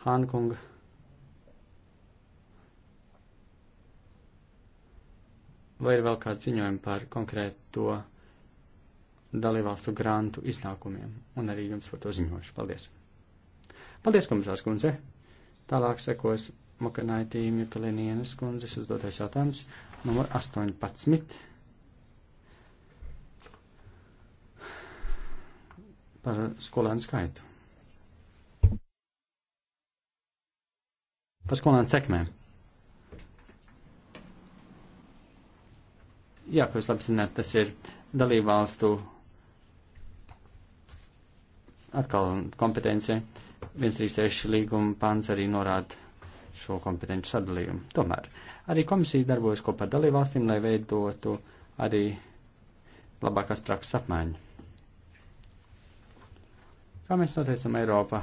S1: Hankunga. Vai ir vēl kāds ziņojumi par konkrēto dalībvalstu grantu iznākumiem? Un arī jums par to ziņošu. Paldies! Paldies, komisārs kundze! Tālāk sekos Mokanaitī Mikalinīnas kundzes uzdotais jautājums numur 18. par skolēnu skaitu. Par skolēnu sekmēm. Jā, ko jūs labi zināt, tas ir dalībvalstu atkal kompetence. 136 līguma pants arī norāda šo kompetenci sadalījumu. Tomēr arī komisija darbojas kopā ar dalībvalstīm, lai veidotu arī labākās prakses apmaiņu. Kā mēs noteicam Eiropa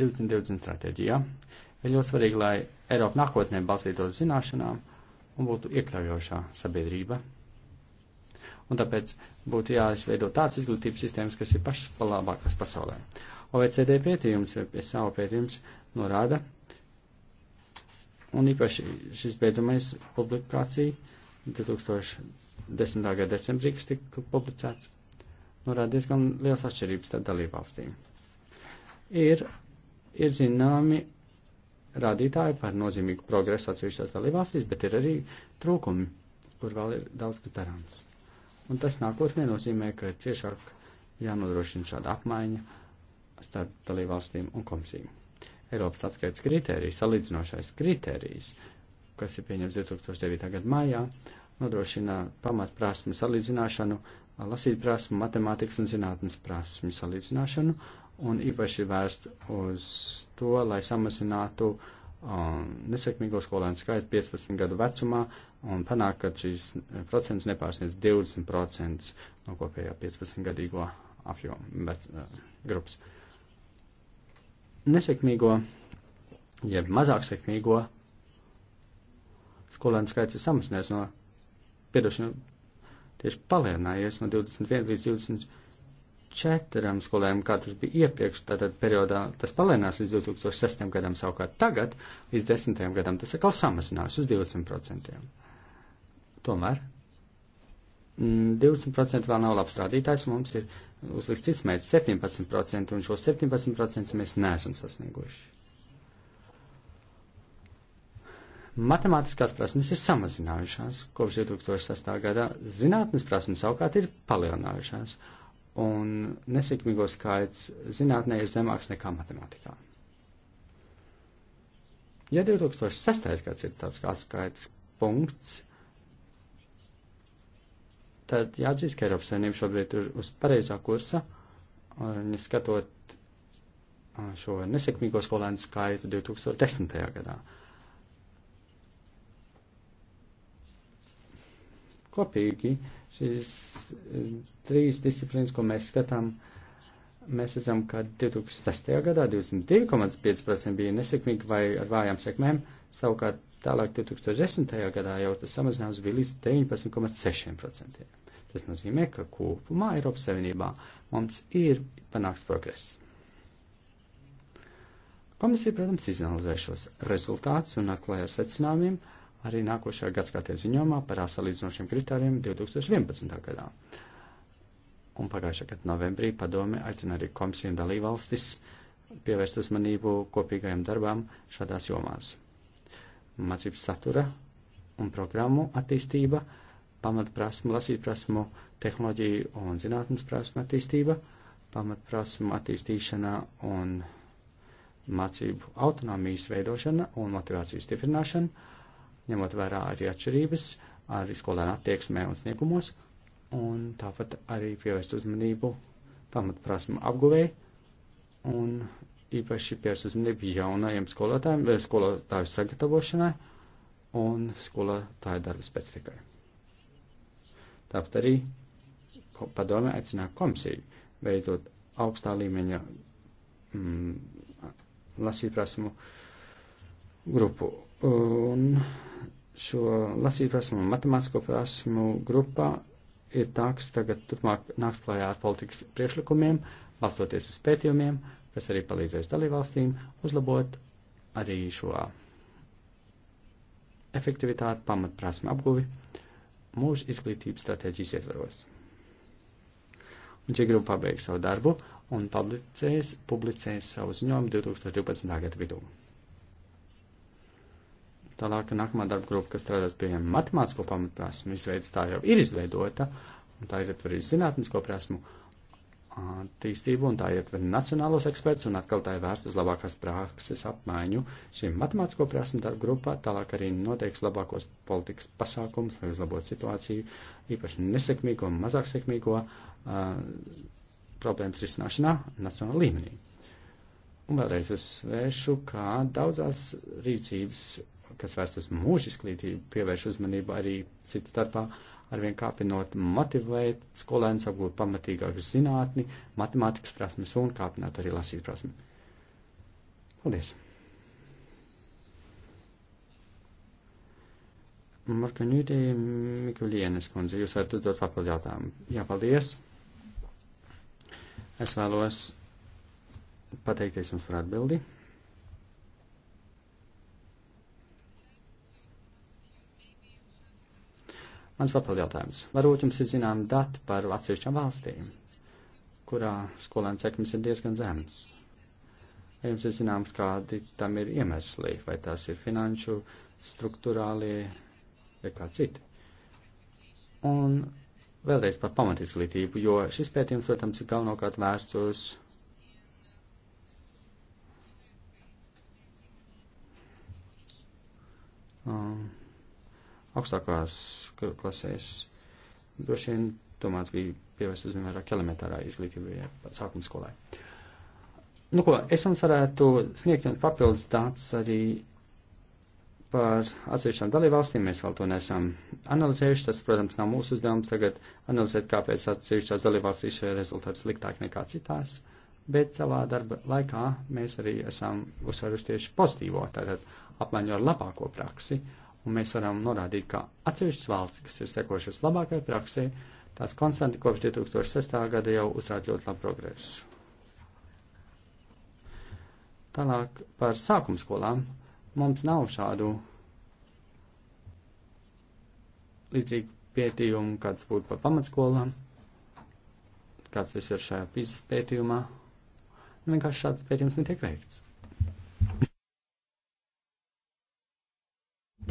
S1: 2020 stratēģijā, ir ļoti svarīgi, lai Eiropa nākotnē balstītos zināšanām un būtu iekļaujošā sabiedrība. Un tāpēc būtu jāizveido tāds izglītības sistēmas, kas ir pašas labākās pasaulē. OECD pētījums, savu pētījums norāda, un īpaši šis beidzamais publikācija 2010. gada decembrī, kas tika publicēts, nu, rada diezgan liels atšķirības starp dalībvalstīm. Ir, ir zināmi rādītāji par nozīmīgu progresu atsevišķās dalībvalstīs, bet ir arī trūkumi, kur vēl ir daudz kas darāms. Un tas nākotnē nozīmē, ka ciešāk jānodrošina šāda apmaiņa starp dalībvalstīm un komisiju. Eiropas atskaites kritērijs, salīdzinošais kritērijs, kas ir pieņemts 2009. gada maijā, nodrošina pamatprasmes salīdzināšanu lasīt prasmu, matemātikas un zinātnes prasmu salīdzināšanu, un īpaši vērsts uz to, lai samazinātu um, nesekmīgo skolēnu skaitu 15 gadu vecumā un panākt, ka šīs e, procents nepārsniec 20% no kopējā 15 gadīgo apjoma bet, uh, e, grupas. Nesekmīgo, jeb mazāk sekmīgo skolēnu skaits ir samazinājies no piedošana tieši palielinājies no 21 līdz 24 skolēm, kā tas bija iepriekš, tātad periodā tas palielinās līdz 2006 gadam, savukārt tagad līdz 10 gadam tas atkal samazinās uz 20%. Tomēr 20% mm, vēl nav labs rādītājs, mums ir uzlikts cits mērķis 17%, un šo 17% mēs neesam sasnieguši. Matemātiskās prasmes ir samazinājušās kopš 2008. gadā, zinātnes prasmes savukārt ir palielinājušās, un nesekmīgo skaits zinātnē ir zemāks nekā matemātikā. Ja 2006. gads ir tāds kā skaits punkts, tad jāatzīst, ka Eiropas Savienība šobrīd ir uz pareizā kursa, neskatot uh, šo nesekmīgo skolēnu skaitu 2010. gadā. kopīgi. Šīs eh, trīs disciplīnas, ko mēs skatām, mēs redzam, ka 2006. gadā 22,5% bija nesekmīgi vai ar vājām sekmēm, savukārt tālāk 2010. gadā jau tas samazinājums bija līdz 19,6%. Tas nozīmē, ka kopumā Eiropas Savienībā mums ir panāks progress. Komisija, protams, izanalizē šos rezultātus un atklāja ar secinājumiem, arī nākošajā gadsimta ziņojumā par salīdzinošiem kritērijiem 2011. gadā. Un pagājušā gada novembrī padome aicina arī komisiju un dalībvalstis pievērst uzmanību kopīgajiem darbām šādās jomās. Mācības satura un programmu attīstība, pamatprasmu, lasītprasmu, tehnoloģiju un zinātnes prasmu attīstība, pamatprasmu attīstīšana un mācību autonomijas veidošana un motivācijas stiprināšana ņemot vērā arī atšķirības, arī skolēnu attieksmē un sniegumos, un tāpat arī pievērst uzmanību pamatprasmu apguvēju, un īpaši pievērst uzmanību jaunajiem skolotājiem, eh, skolotāju sagatavošanai un skolotāju darba specifikai. Tāpat arī padome aicināja komisiju veidot augstā līmeņa mm, lasītprasmu grupu. Un šo lasīt prasmu un matemātisko prasmu grupā ir tā, kas tagad turpmāk nāks klājā ar politikas priekšlikumiem, balstoties uz pētījumiem, kas arī palīdzēs dalībvalstīm uzlabot arī šo efektivitāti, pamatprasme apguvi mūža izglītības stratēģijas ietvaros. Un šī grupa pabeigs savu darbu un publicēs, publicēs savu ziņojumu 2012. gada vidū. Tālāk nākamā darba grupa, kas strādās pie matemātisko pamatprasmu izveidas, tā jau ir izveidota, un tā ietver arī zinātnisko prasmu attīstību, un tā ietver nacionālos ekspertus, un atkal tā ir vērsta uz labākās prakses apmaiņu šīm matemātisko prasmu darba grupā, tālāk arī noteiks labākos politikas pasākums, lai uzlabotu situāciju, īpaši nesekmīgo un mazāk sekmīgo uh, problēmas risināšanā nacionāla līmenī. Un vēlreiz uzsvēršu, ka daudzās rīcības kas vērst uz mūža izglītību, pievērš uzmanību arī citu starpā, arvien kāpinot motivēt skolēnus apgūt pamatīgāku zinātni, matemātikas prasmes un kāpināt arī lasīt prasmi. Paldies! Markaņūtē Mikulienes kundze, jūs varat uzdot papildu jautājumu. Jā, paldies! Es vēlos pateikties jums par atbildi. Mans papildu jautājums. Varbūt jums ir zinām dati par atsevišķām valstīm, kurā skolēnu sekmes ir diezgan zemes. Vai jums ir zināms, kādi tam ir iemesli, vai tās ir finanšu, struktūrālie vai kā citi? Un vēlreiz par pamatizglītību, jo šis pētījums, protams, ir galvenokārt vērsts uz augstākās klasēs. Droši vien domāts bija pievērst uzmanību vairāk elementārai izglītībai, pat sākuma skolai. Nu, ko, es jums varētu sniegt jums papildus tāds arī par atsevišķām dalībvalstīm. Mēs vēl to nesam analizējuši. Tas, protams, nav mūsu uzdevums tagad analizēt, kāpēc atsevišķās dalībvalstīs šie rezultāti sliktāk nekā citās. Bet savā darba laikā mēs arī esam uzsveruši tieši pozitīvo, tātad apmaiņu ar labāko praksi. Uh, Un mēs varam norādīt, ka atsevišķas valsts, kas ir sekojušas labākai praksē, tās konstanti kopš 2006. gada jau uzrāda ļoti labu progresu. Tālāk par sākumskolām. Mums nav šādu līdzīgu pētījumu, kāds būtu par pamatskolām, kāds tas ir šajā pīzes pētījumā. Nu, vienkārši šāds pētījums netiek veikts.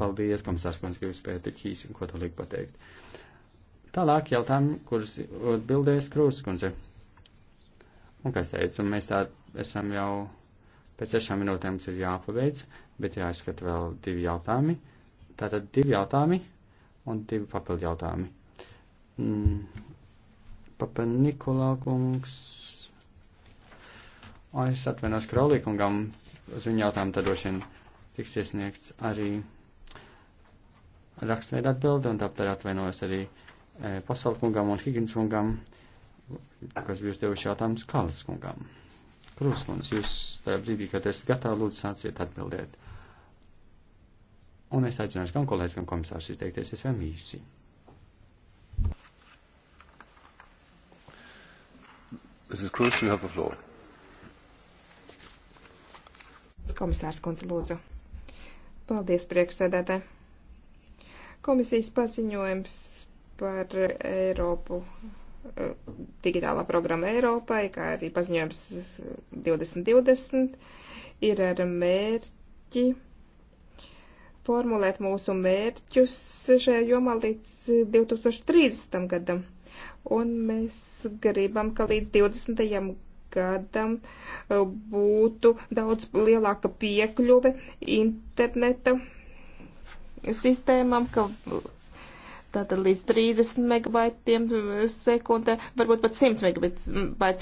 S1: Paldies, komisārs Kungs, ka jūs spējat tik īsi un kodolīgi pateikt. Tālāk jautājumi, kurus atbildēs Krūzes kundze. Un kā es teicu, mēs tā esam jau pēc sešām minūtēm mums ir jāpaveic, bet jāizskata vēl divi jautājumi. Tātad divi jautājumi un divi papildu jautājumi. Mm. Papa Nikolā kungs. O, es atvainos Kraulīkungam, uz viņu jautājumu tad droši vien tiks iesniegts arī rakstveidu atbildi, un tāpēc atvainojos arī e, pasaulkungam un Higgins kungam, kas bija uzdevuši jautājumus Kalas kungam. Krūskunds, jūs tajā brīdī, kad esat gatavi, lūdzu sāciet atbildēt. Un es aicināšu gan kolēģis, gan komisārs izteikties, es vien īsi.
S2: Mrs. Cruz, you have the floor. Komisārs Kunze, lūdzu. Paldies, priekšsēdētāji. Komisijas paziņojums par Eiropu, eh, digitālā programma Eiropai, kā arī paziņojums 2020, ir ar mērķi formulēt mūsu mērķus šajā jomā līdz 2030. gadam. Un mēs gribam, ka līdz 20. gadam eh, būtu daudz lielāka piekļuve interneta sistēmām, ka tātad līdz 30 megabaitiem eh, sekundē, varbūt pat 100 megabaitu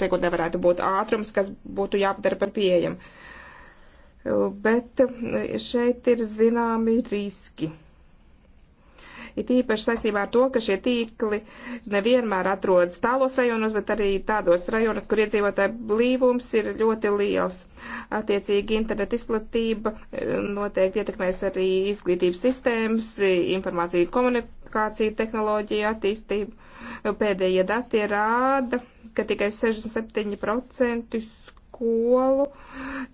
S2: sekundē varētu būt ātrums, kas būtu jāpadara par pieejamu. Eh, bet eh, šeit ir zināmi riski. It īpaši saistībā ar to, ka šie tīkli nevienmēr atrodas tālos rajonos, bet arī tādos rajonos, kur iedzīvotāju blīvums ir ļoti liels. Attiecīgi internet izplatība e, noteikti ietekmēs arī izglītības sistēmas, informāciju komunikāciju tehnoloģiju attīstību. Pēdējie dati rāda, ka tikai 67% skolu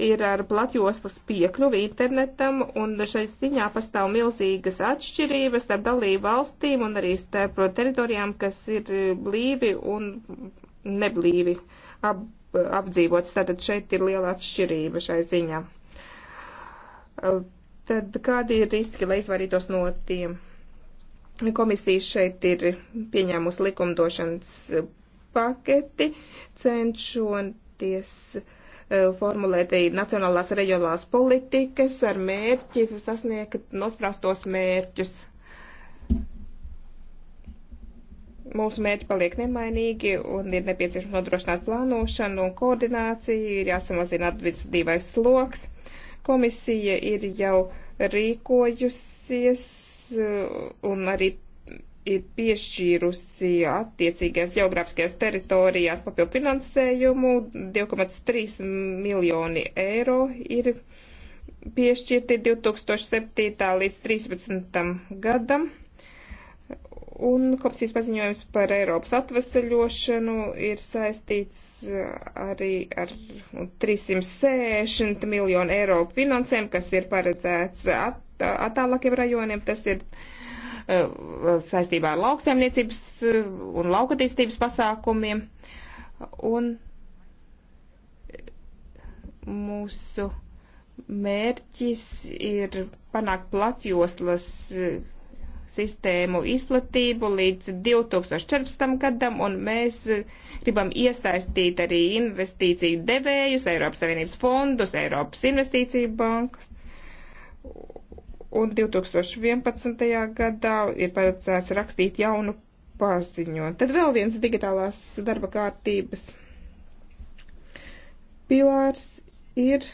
S2: ir ar platjoslas piekļuvi internetam, un šai ziņā pastāv milzīgas atšķirības starp dalību valstīm un arī starp teritorijām, kas ir blīvi un neblīvi ap, apdzīvots. Tātad šeit ir liela atšķirība šai ziņā. Tad kādi ir riski, lai izvairītos no tiem? Komisija šeit ir pieņēmusi likumdošanas paketi, cenšoties uh, Eh, formulēt nacionālās reģionālās politikas ar mērķi sasniegt nosprastos mērķus. Mūsu mērķi paliek nemainīgi un ir nepieciešams nodrošināt plānošanu un koordināciju, ir jāsamazina administratīvais sloks. Komisija ir jau rīkojusies eh, un arī ir piešķīrusi attiecīgajās geogrāfiskajās teritorijās papildu finansējumu. 2,3 miljoni eiro ir piešķirti 2007. līdz 2013. gadam. Un komisijas paziņojums par Eiropas atveseļošanu ir saistīts arī ar 360 nu, miljonu eiro finansēm, kas ir paredzēts at, attālākiem rajoniem. Tas ir uh, Eh, saistībā ar lauksaimniecības eh, un laukatīstības pasākumiem. Un mūsu mērķis ir panākt platjoslas eh, sistēmu izplatību līdz 2014. gadam, un mēs gribam iesaistīt arī investīciju devējus, Eiropas Savienības fondus, Eiropas Investīciju bankas un 2011. gadā ir paredzēts rakstīt jaunu paziņojumu. Tad vēl viens digitālās darba kārtības pilārs ir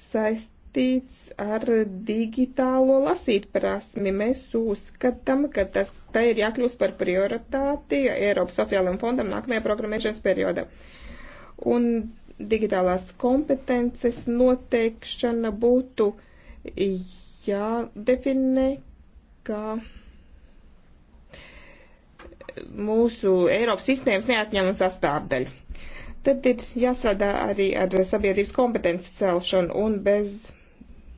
S2: saistīts ar digitālo lasīt prasmi. Mēs uzskatām, ka tas tā ir jākļūst par prioritāti Eiropas sociālajiem fondam nākamajā programmēšanas periodā. Un digitālās kompetences noteikšana būtu uh, jādefinē, kā mūsu Eiropas sistēmas neatņemama sastāvdaļa. Tad ir jāstrādā arī ar sabiedrības kompetences celšanu un bez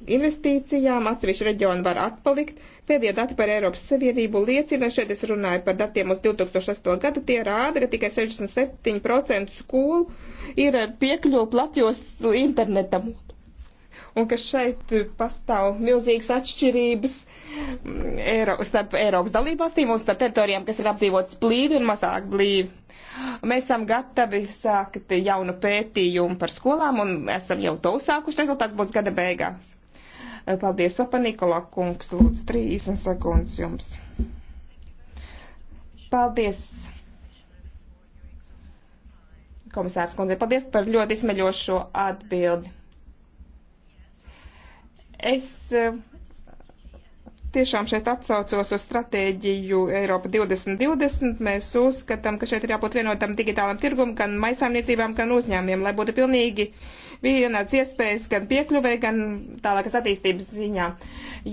S2: investīcijām atsevišķi reģioni var atpalikt. Pēdējie dati par Eiropas Savienību liecina, šeit es runāju par datiem uz 2008. gadu, tie rāda, ka tikai 67% skolu ir piekļuvu platjos internetam un ka šeit pastāv milzīgas atšķirības mm, Eiro, starp Eiropas dalībvalstīm un starp teritorijām, kas ir apdzīvotas blīvi un mazāk blīvi. Mēs esam gatavi sākt jaunu pētījumu par skolām un esam jau to uzsākuši. Rezultāts būs gada beigās. Paldies, Papa Nikola kungs, lūdzu, 30 sekundes jums. Paldies, komisārs kundze, paldies par ļoti izmeļošo atbildi. Es e, tiešām šeit atsaucos uz stratēģiju Eiropa 2020. Mēs uzskatām, ka šeit ir jābūt vienotam digitālam tirgumam gan maisaimniecībām, gan uzņēmiem, lai būtu pilnīgi uh, bija vienāds iespējas gan piekļuvē, gan tālākas attīstības ziņā.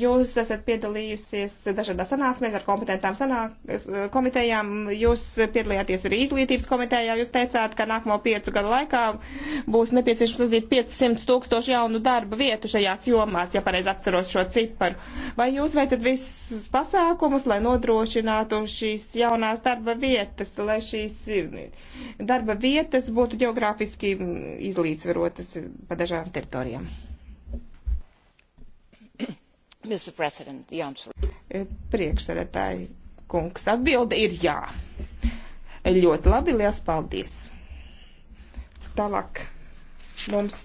S2: Jūs esat piedalījusies dažādās sanāksmēs ar kompetentām sanāk, komitejām, jūs piedalījāties arī izglītības komitejā, jūs teicāt, ka nākamo piecu gadu laikā būs nepieciešams radīt 500 tūkstošu jaunu darba vietu šajās jomās, ja pareizi atceros šo ciparu. Vai jūs veicat visus pasākumus, lai nodrošinātu šīs jaunās darba vietas, lai šīs darba vietas būtu geogrāfiski izlīdzvarotas pa dažām teritorijām. E, priekšsēdētāji kungs, atbilde ir jā. Ļoti labi, liels paldies. Tālāk mums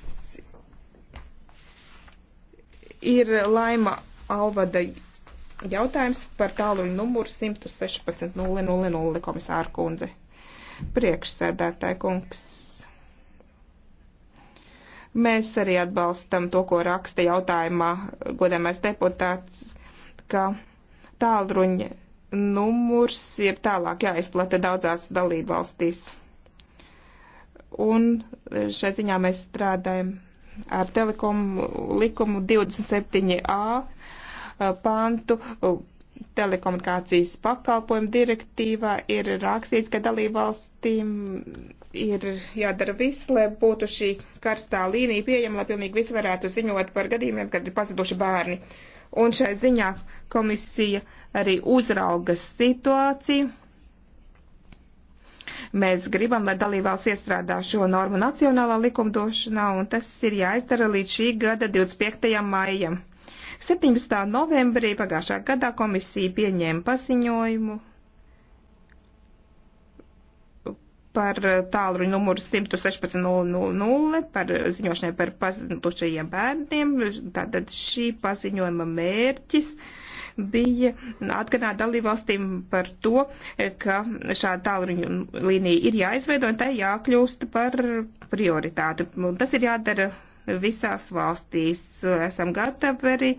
S2: ir Laima Alvada jautājums par tāluņu numuru 116 000 komisāra kundze. Priekšsēdētāji kungs, Mēs arī atbalstam to, ko raksta jautājumā godamais deputāts, ka tālruņa numurs ir tālāk jāizplata daudzās dalību valstīs. Un šai ziņā mēs strādājam ar telekomu likumu 27a eh, pantu telekomunikācijas pakalpojumu direktīvā ir rakstīts, ka dalībvalstīm ir jādara viss, lai būtu šī karstā līnija pieejama, lai pilnīgi visi varētu ziņot par gadījumiem, kad ir pazuduši bērni. Un šai ziņā komisija arī uzrauga situāciju. Mēs gribam, lai dalībvalsts iestrādā šo normu nacionālā likumdošanā, un tas ir jāizdara līdz šī gada 25. maijam. 17. novembrī pagājušā gadā komisija pieņēma paziņojumu par eh, tālruņu numuru 116.00 par eh, ziņošanai par pazudušajiem bērniem. Tātad šī paziņojuma mērķis bija atgādināt dalībvalstīm par to, eh, ka šāda tālruņu līnija ir jāizveido un tai jākļūst par prioritāti. Tas ir jādara visās valstīs. Esam gatavi arī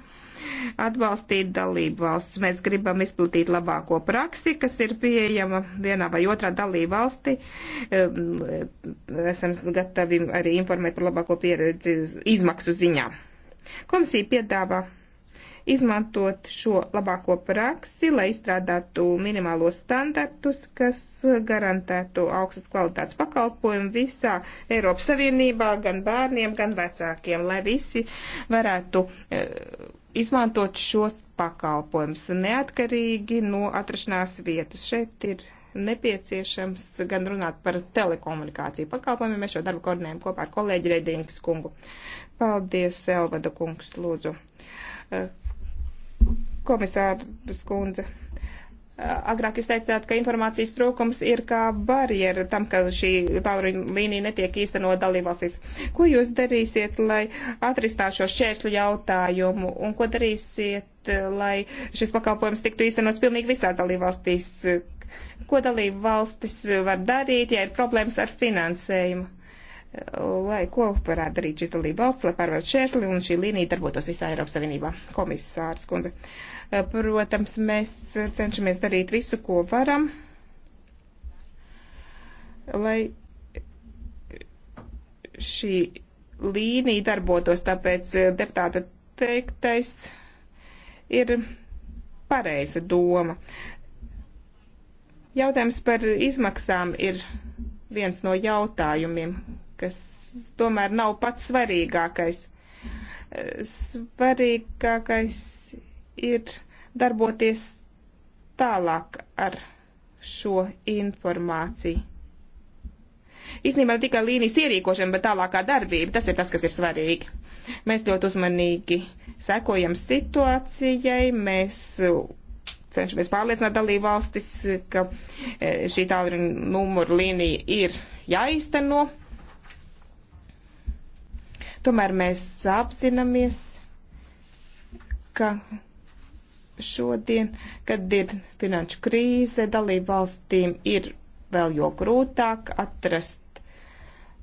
S2: atbalstīt dalību valsts. Mēs gribam izplatīt labāko praksi, kas ir pieejama vienā vai otrā dalību valsti. Esam gatavi arī informēt par labāko pieredzi izmaksu ziņā. Komisija piedāvā izmantot šo labāko praksi, lai izstrādātu minimālos standartus, kas garantētu augstas kvalitātes pakalpojumu visā Eiropas Savienībā, gan bērniem, gan vecākiem, lai visi varētu eh, izmantot šos pakalpojumus neatkarīgi no atrašanās vietas. Šeit ir nepieciešams gan runāt par telekomunikāciju pakalpojumiem. Mēs šo darbu koordinējam kopā ar kolēģi Redīngas kungu. Paldies, Elvada kungs, lūdzu. Eh, Komisārs kundze. Eh, agrāk jūs teicāt, ka informācijas trūkums ir kā barjera tam, ka šī tālruņa līnija netiek īstenot dalībvalstīs. Ko jūs darīsiet, lai atristātu šo šķēršļu jautājumu un ko darīsiet, eh, lai šis pakalpojums tiktu īstenots pilnīgi visās dalībvalstīs? Ko dalību valstis var darīt, ja ir problēmas ar finansējumu? Eh, lai ko varētu darīt šis dalība valsts, lai pārvarētu šķērsli un šī līnija darbotos visā Eiropas Savienībā. Komisārs kundze. Uh, Eh, protams, mēs cenšamies darīt visu, ko varam, lai šī līnija darbotos, tāpēc eh, deputāta teiktais ir pareiza doma. Jautājums par izmaksām ir viens no jautājumiem, kas tomēr nav pats svarīgākais. Eh, svarīgākais ir darboties tālāk ar šo informāciju. Īsnībā ne tikai līnijas ierīkošana, bet tālākā darbība, tas ir tas, kas ir svarīgi. Mēs ļoti uzmanīgi sekojam situācijai, mēs cenšamies pārliecināt dalību valstis, ka e, šī tālruņa numuru līnija ir jāizteno. Tomēr mēs apzināmies, ka šodien, kad ir finanšu krīze, dalību valstīm ir vēl jo grūtāk atrast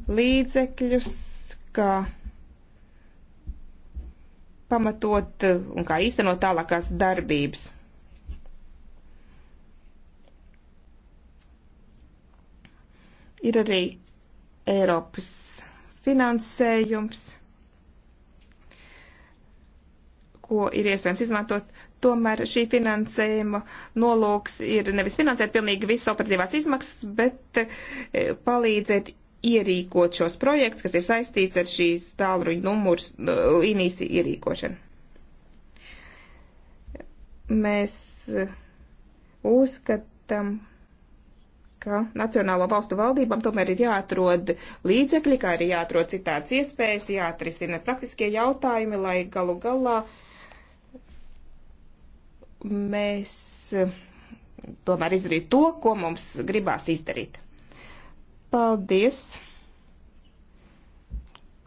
S2: līdzekļus, kā pamatot un kā īstenot tālākās darbības. Ir arī Eiropas finansējums, ko ir iespējams izmantot Tomēr šī finansējuma nolūks ir nevis finansēt pilnīgi visas operatīvās izmaksas, bet e, palīdzēt ierīkot šos projekts, kas ir saistīts ar šīs tālruņa numurs e, līnijas ierīkošanu. Mēs e, uzskatām, ka Nacionālo valstu valdībām tomēr ir jāatrod līdzekļi, kā arī jāatrod citāds iespējas, jāatrisina praktiskie jautājumi, lai galu galā uh, mēs eh, tomēr izdarītu to, ko mums gribās izdarīt. Paldies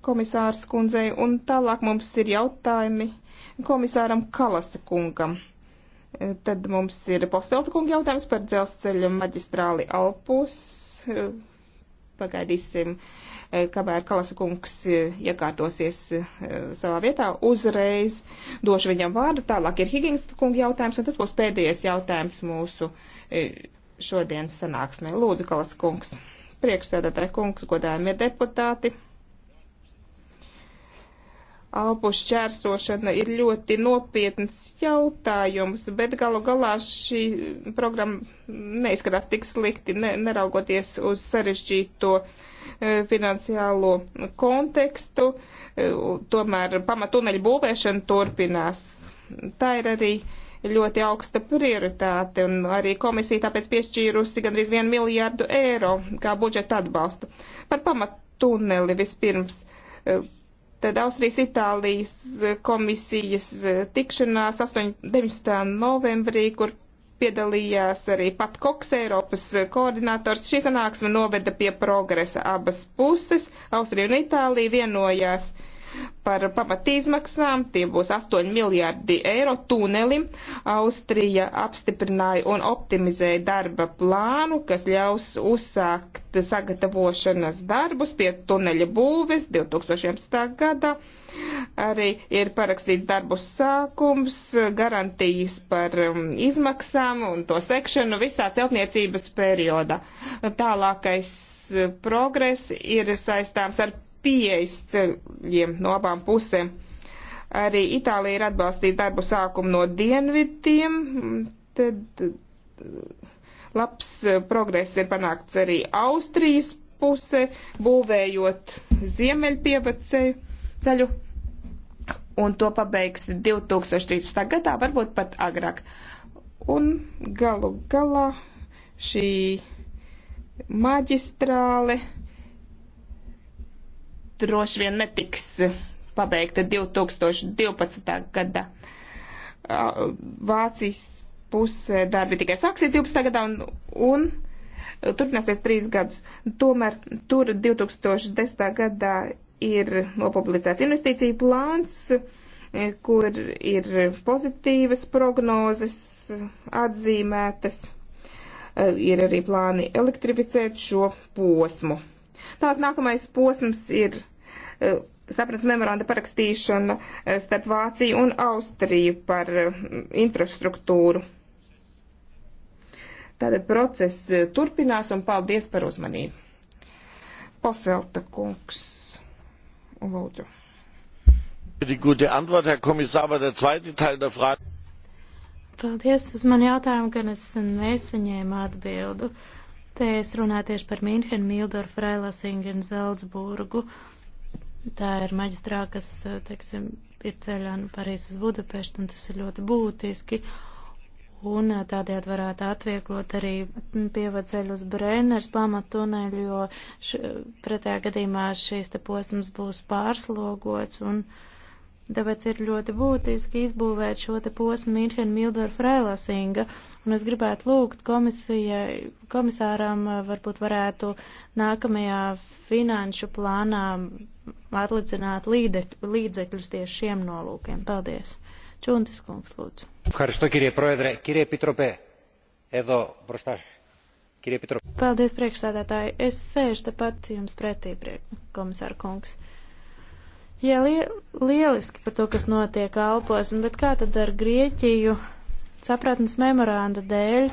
S2: komisārs kundzei, un tālāk mums ir jautājumi komisāram Kalasa kungam. Eh, tad mums ir Poselta kunga jautājums par dzelzceļa maģistrāli Alpus. Eh, pagaidīsim, eh, kamēr Kalasa kungs eh, iekārtosies eh, savā vietā. Uzreiz došu viņam vārdu. Tālāk ir Higgins kunga jautājums, un tas būs pēdējais jautājums mūsu šodienas sanāksmē. Lūdzu, Kalasa kungs. Priekšsēdētāji kungs, godājumie deputāti alpu šķērsošana ir ļoti nopietns jautājums, bet galu galā šī programma neizskatās tik slikti, ne, neraugoties uz sarežģīto e, finansiālo kontekstu. E, tomēr pamatuneļu būvēšana turpinās. Tā ir arī ļoti augsta prioritāte, un arī komisija tāpēc piešķīrusi gandrīz 1 miljārdu eiro kā budžeta atbalstu. Par pamatuneli vispirms. E, Tad Austrijas Itālijas eh, komisijas eh, tikšanās 8, 19. novembrī, kur piedalījās arī pat Koks, Eiropas eh, koordinators. Šī sanāksme noveda pie progresa abas puses. Austrija un Itālija vienojās uh, par pamatīzmaksām, tie būs 8 miljārdi eiro tunelim. Austrija apstiprināja un optimizēja darba plānu, kas ļaus uzsākt sagatavošanas darbus pie tuneļa būves 2011. gadā. Arī ir parakstīts darbu sākums, garantijas par um, izmaksām un to sekšanu visā celtniecības periodā. Tālākais eh, progress ir saistāms ar pieejas ceļiem no abām pusēm. Arī Itālija ir atbalstījusi darbu sākumu no dienvidiem. Tad eh, labs eh, progress ir panākts arī Austrijas puse, būvējot ziemeļpievacēju ceļu, un to pabeigs 2013. gadā, varbūt pat agrāk. Un galu galā šī maģistrāle droši vien netiks pabeigta 2012. gada. Vācijas pusē darbi tikai sāksies 12. gadā un, un turpināsies trīs gadus. Tomēr tur 2010. gadā ir nopublicēts investīciju plāns, e, kur ir pozitīvas prognozes atzīmētas. E, ir arī plāni elektrificēt šo posmu. Tālāk nākamais posms ir eh, sapratnes memoranda parakstīšana eh, starp Vāciju un Austriju par eh, infrastruktūru. Tātad process turpinās un paldies par uzmanību.
S3: Poselta kungs, lūdzu.
S1: Die gute Antwort,
S2: Herr Kommissar, aber der zweite Teil der Frage.
S3: Paldies uz mani jautājumu, gan es nesaņēmu atbildu. Uh, Te es runāju tieši par Mīnhenu, Mildoru, Freilasingen, Zeldzburgu. Tā ir maģistrā, kas, eh, teiksim, ir ceļā no nu, Parīzes uz Budapeštu, un tas ir ļoti būtiski. Un eh, tādējādi varētu atvieglot arī mm, pievaceļu uz Brenners pamatuneli, jo š, pretējā gadījumā šīs te posms būs pārslogots un. Uh, Tāpēc ir ļoti būtiski izbūvēt šo te posmu Mīnhena Mildora Frēlasinga, un es gribētu lūgt komisijai, komisāram eh, varbūt varētu nākamajā finanšu plānā atlicināt līdzekļus tieši šiem nolūkiem. Paldies. Čuntis kungs, lūdzu. Paldies, priekšsēdētāji. Es sēžu tepat jums pretī, priek, komisāra kungs. Uh, Jā, li lieliski par to, kas notiek Alpos, bet kā tad ar Grieķiju sapratnes memoranda dēļ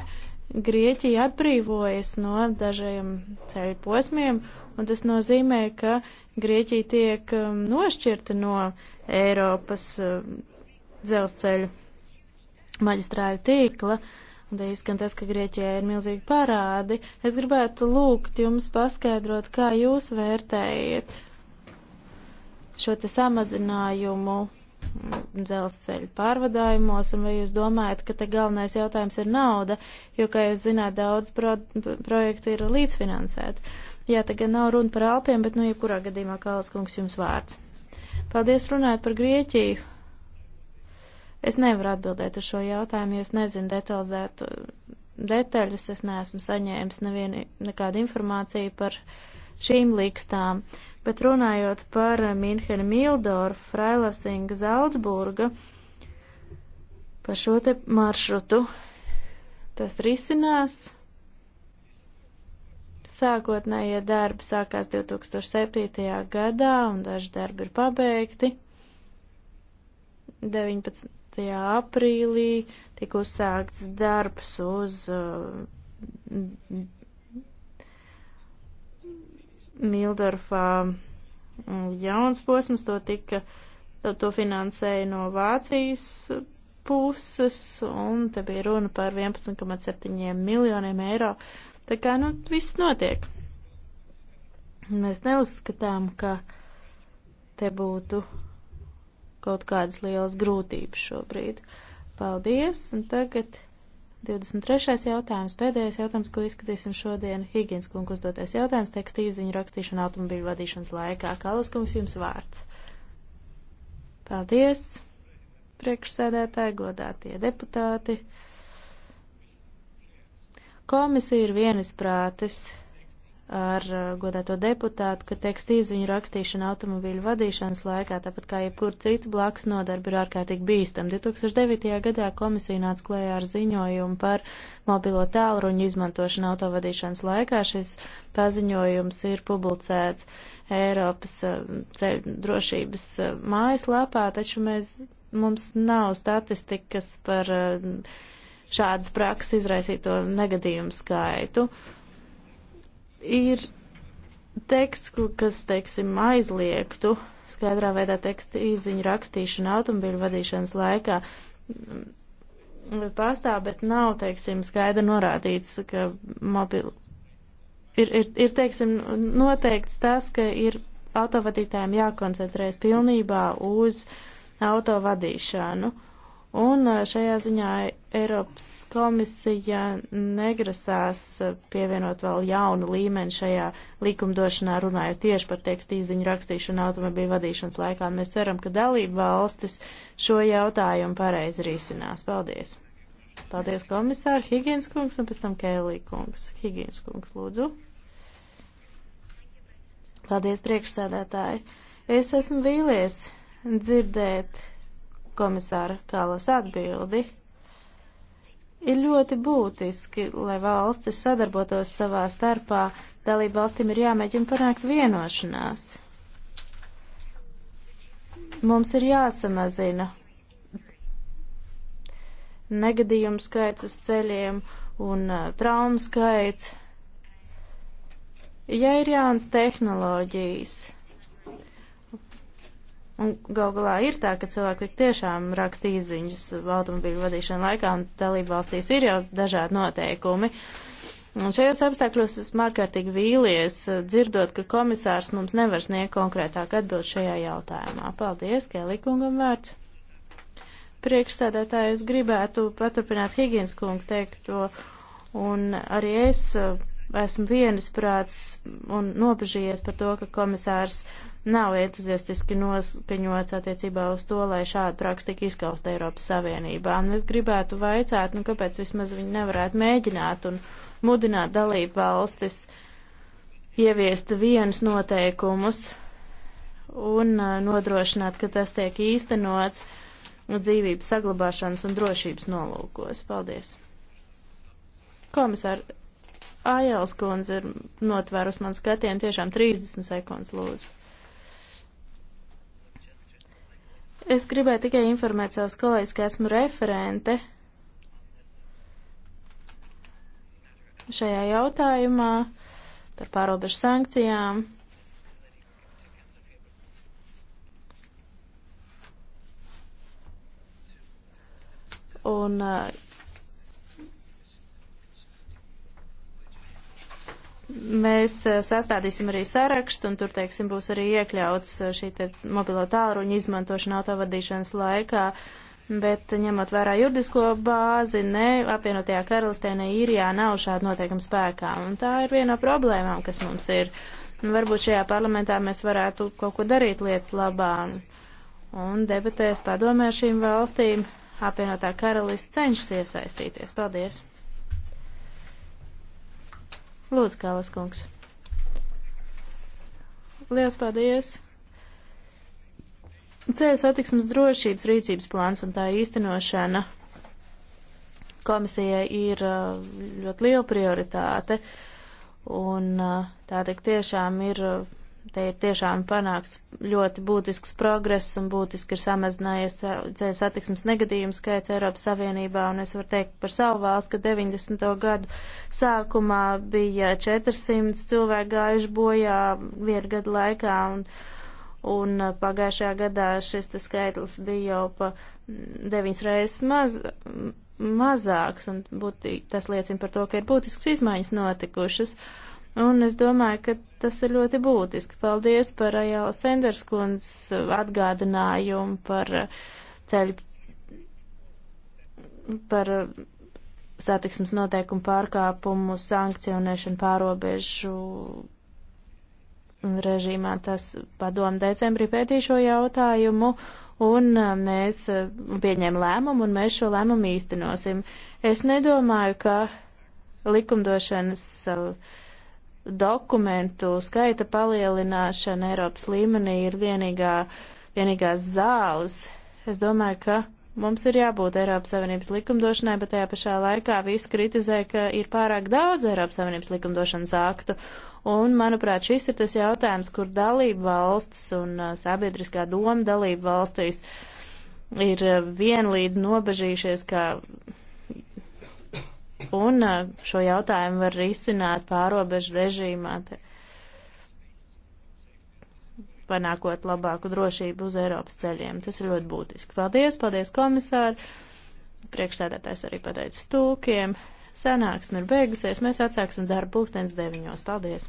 S3: Grieķija atbrīvojas no dažiem ceļu posmiem, un tas nozīmē, ka Grieķija tiek um, nošķirta no Eiropas um, dzelzceļu maģistrāļu tīkla. Un te izskan tas, ka Grieķijai ir milzīgi parādi. Es gribētu lūgt jums paskaidrot, kā jūs vērtējat šo te samazinājumu dzelzceļa pārvadājumos, un vai jūs domājat, ka te galvenais jautājums ir nauda, jo, kā jūs zināt, daudz pro projekti ir līdzfinansēti. Jā, te gan nav runa par Alpiem, bet, nu, jebkurā gadījumā Kalas kungs jums vārds. Paldies runājot par Grieķiju. Es nevaru atbildēt uz šo jautājumu, jo es nezinu detalizētu detaļas, es neesmu saņēmis nevienu, nekādu informāciju par šīm līkstām. Uh, Bet runājot par Mīnhenu Mildorfu, Frailasinga Zaldzburga, par šo te maršrutu, tas risinās. Sākotnējie darbi sākās 2007. gadā un daži darbi ir pabeigti. 19. aprīlī tika uzsākts darbs uz uh, Mildorfā mm, jauns posms, to tika, to finansēja no Vācijas puses, un te bija runa par 11,7 miljoniem eiro. Tā kā, nu, viss notiek. Mēs neuzskatām, ka te būtu kaut kādas lielas grūtības šobrīd. Paldies, un tagad 23. jautājums, pēdējais jautājums, ko izskatīsim šodien, Higgins kungu uzdotais jautājums, teksta īziņu rakstīšana automobīļu vadīšanas laikā. Kalas kungs, jums vārds. Paldies, priekšsēdētāji, godātie deputāti. Komisija ir vienisprātis ar uh, godēto deputātu, ka tekstīzi viņu rakstīšana automobīļu vadīšanas laikā, tāpat kā jebkur citu blakus nodarbi, ir ārkārtīgi bīstam. 2009. gadā komisija nāca klējā ar ziņojumu par mobilo tālruņu izmantošanu autovadīšanas laikā. Šis paziņojums ir publicēts Eiropas uh, ceļu drošības uh, mājaslapā, taču mēs, mums nav statistikas par šādas prakses izraisīto negadījumu skaitu. Uh, ir teksts, kas, teiksim, aizliegtu skaidrā veidā teksta īziņu rakstīšanu automobīļu vadīšanas laikā mm, pastāv, bet nav, teiksim, skaidri norādīts, ka mobil... Ir, ir, ir, teiksim, noteikts tas, ka ir autovadītājiem jākoncentrēs pilnībā uz autovadīšanu. Un eh, šajā ziņā Eiropas komisija negrasās eh, pievienot vēl jaunu līmeni šajā likumdošanā, runājot tieši par tekstu izziņu rakstīšanu automobīļu vadīšanas laikā. Un mēs ceram, ka dalība valstis šo jautājumu pareizi risinās. Paldies! Paldies komisāru Higgins kungs un pēc tam Kēlī kungs. Higgins kungs, lūdzu. Paldies priekšsēdētāji. Es esmu vīlies dzirdēt komisāra Kalas atbildi. Ir ļoti būtiski, lai valstis sadarbotos savā starpā, dalību valstīm ir jāmēģina panākt vienošanās. Mums ir jāsamazina negadījumu skaits uz ceļiem un uh, traumu skaits. Ja ir jaunas tehnoloģijas, Un gal galā ir tā, ka cilvēki tiešām raksta īziņas automobīļu vadīšana laikā, un dalībvalstīs ir jau dažādi noteikumi. Un šajos apstākļos esmu ārkārtīgi vīlies, dzirdot, ka komisārs mums nevar sniegt konkrētāk atbild šajā jautājumā. Paldies, Kēlī kungam vārds. Priekšsēdētāji, es gribētu paturpināt Higienas kungu teikto, un arī es eh, esmu vienisprāts un nobežījies par to, ka komisārs nav entuziastiski noskaņots attiecībā uz to, lai šāda praksa tik izkausta Eiropas Savienībā. Un es gribētu vaicāt, nu kāpēc vismaz viņi nevarētu mēģināt un mudināt dalību valstis ieviest vienus noteikumus un uh, nodrošināt, ka tas tiek īstenots dzīvības saglabāšanas un drošības nolūkos. Paldies! Komisār, Ājāls kundze ir notvērus man skatienu tiešām 30 sekundes lūdzu. Es gribēju tikai informēt savus kolēģus, ka esmu referente šajā jautājumā par pārobežu sankcijām. Un uh, mēs eh, sastādīsim arī sarakstu, un tur, teiksim, būs arī iekļauts eh, šī te mobilo tālruņa izmantošana autovadīšanas laikā, bet eh, ņemot vērā juridisko bāzi, ne apvienotajā karalistē, ne īrijā nav šāda noteikuma spēkā, un tā ir viena no problēmām, kas mums ir. Un varbūt šajā parlamentā mēs varētu kaut ko darīt lietas labā, un debatēs padomē šīm valstīm apvienotā karalists cenšas iesaistīties. Paldies! Lūdzu, Kālas kungs. Lielas paldies! Ceļu satiksmes drošības rīcības plāns un tā īstenošana komisijai ir uh, ļoti liela prioritāte, un uh, tā tik tiešām ir uh, Te ir tiešām panākts ļoti būtisks progress un būtiski ir samazinājies ceļu satiksmes negadījumu skaits Eiropas Savienībā. Un es varu teikt par savu valsts, ka 90. gadu sākumā bija 400 cilvēku gājuši bojā vienu gadu laikā. Un, un pagājušajā gadā šis skaitlis bija jau pa deviņas reizes maz, mazāks, un būtī, tas liecina par to, ka ir būtisks izmaiņas notikušas. Uh, Un es domāju, ka tas ir ļoti būtiski. Paldies par Ajāla Senderskundas atgādinājumu par eh, ceļu, par eh, satiksmes noteikumu pārkāpumu, sankcionēšanu pārobežu režīmā. Tas padomu decembrī pētīja šo jautājumu un eh, mēs pieņēma lēmumu un mēs šo lēmumu īstenosim. Es nedomāju, ka likumdošanas uh, dokumentu skaita palielināšana Eiropas līmenī ir vienīgā, vienīgās zāles. Es domāju, ka mums ir jābūt Eiropas Savienības likumdošanai, bet tajā pašā laikā visi kritizē, ka ir pārāk daudz Eiropas Savienības likumdošanas aktu. Un, manuprāt, šis ir tas jautājums, kur dalība valsts un uh, sabiedriskā doma dalība valstīs ir uh, vienlīdz nobežījušies, ka un uh, šo jautājumu var risināt pārobežu režīmā, te, panākot labāku drošību uz Eiropas ceļiem. Tas ir ļoti būtiski. Paldies, paldies komisāri! Priekšsēdētājs arī pateica stūkiem. Sanāksme ir beigusies, mēs atsāksim darbu pulkstens deviņos. Paldies!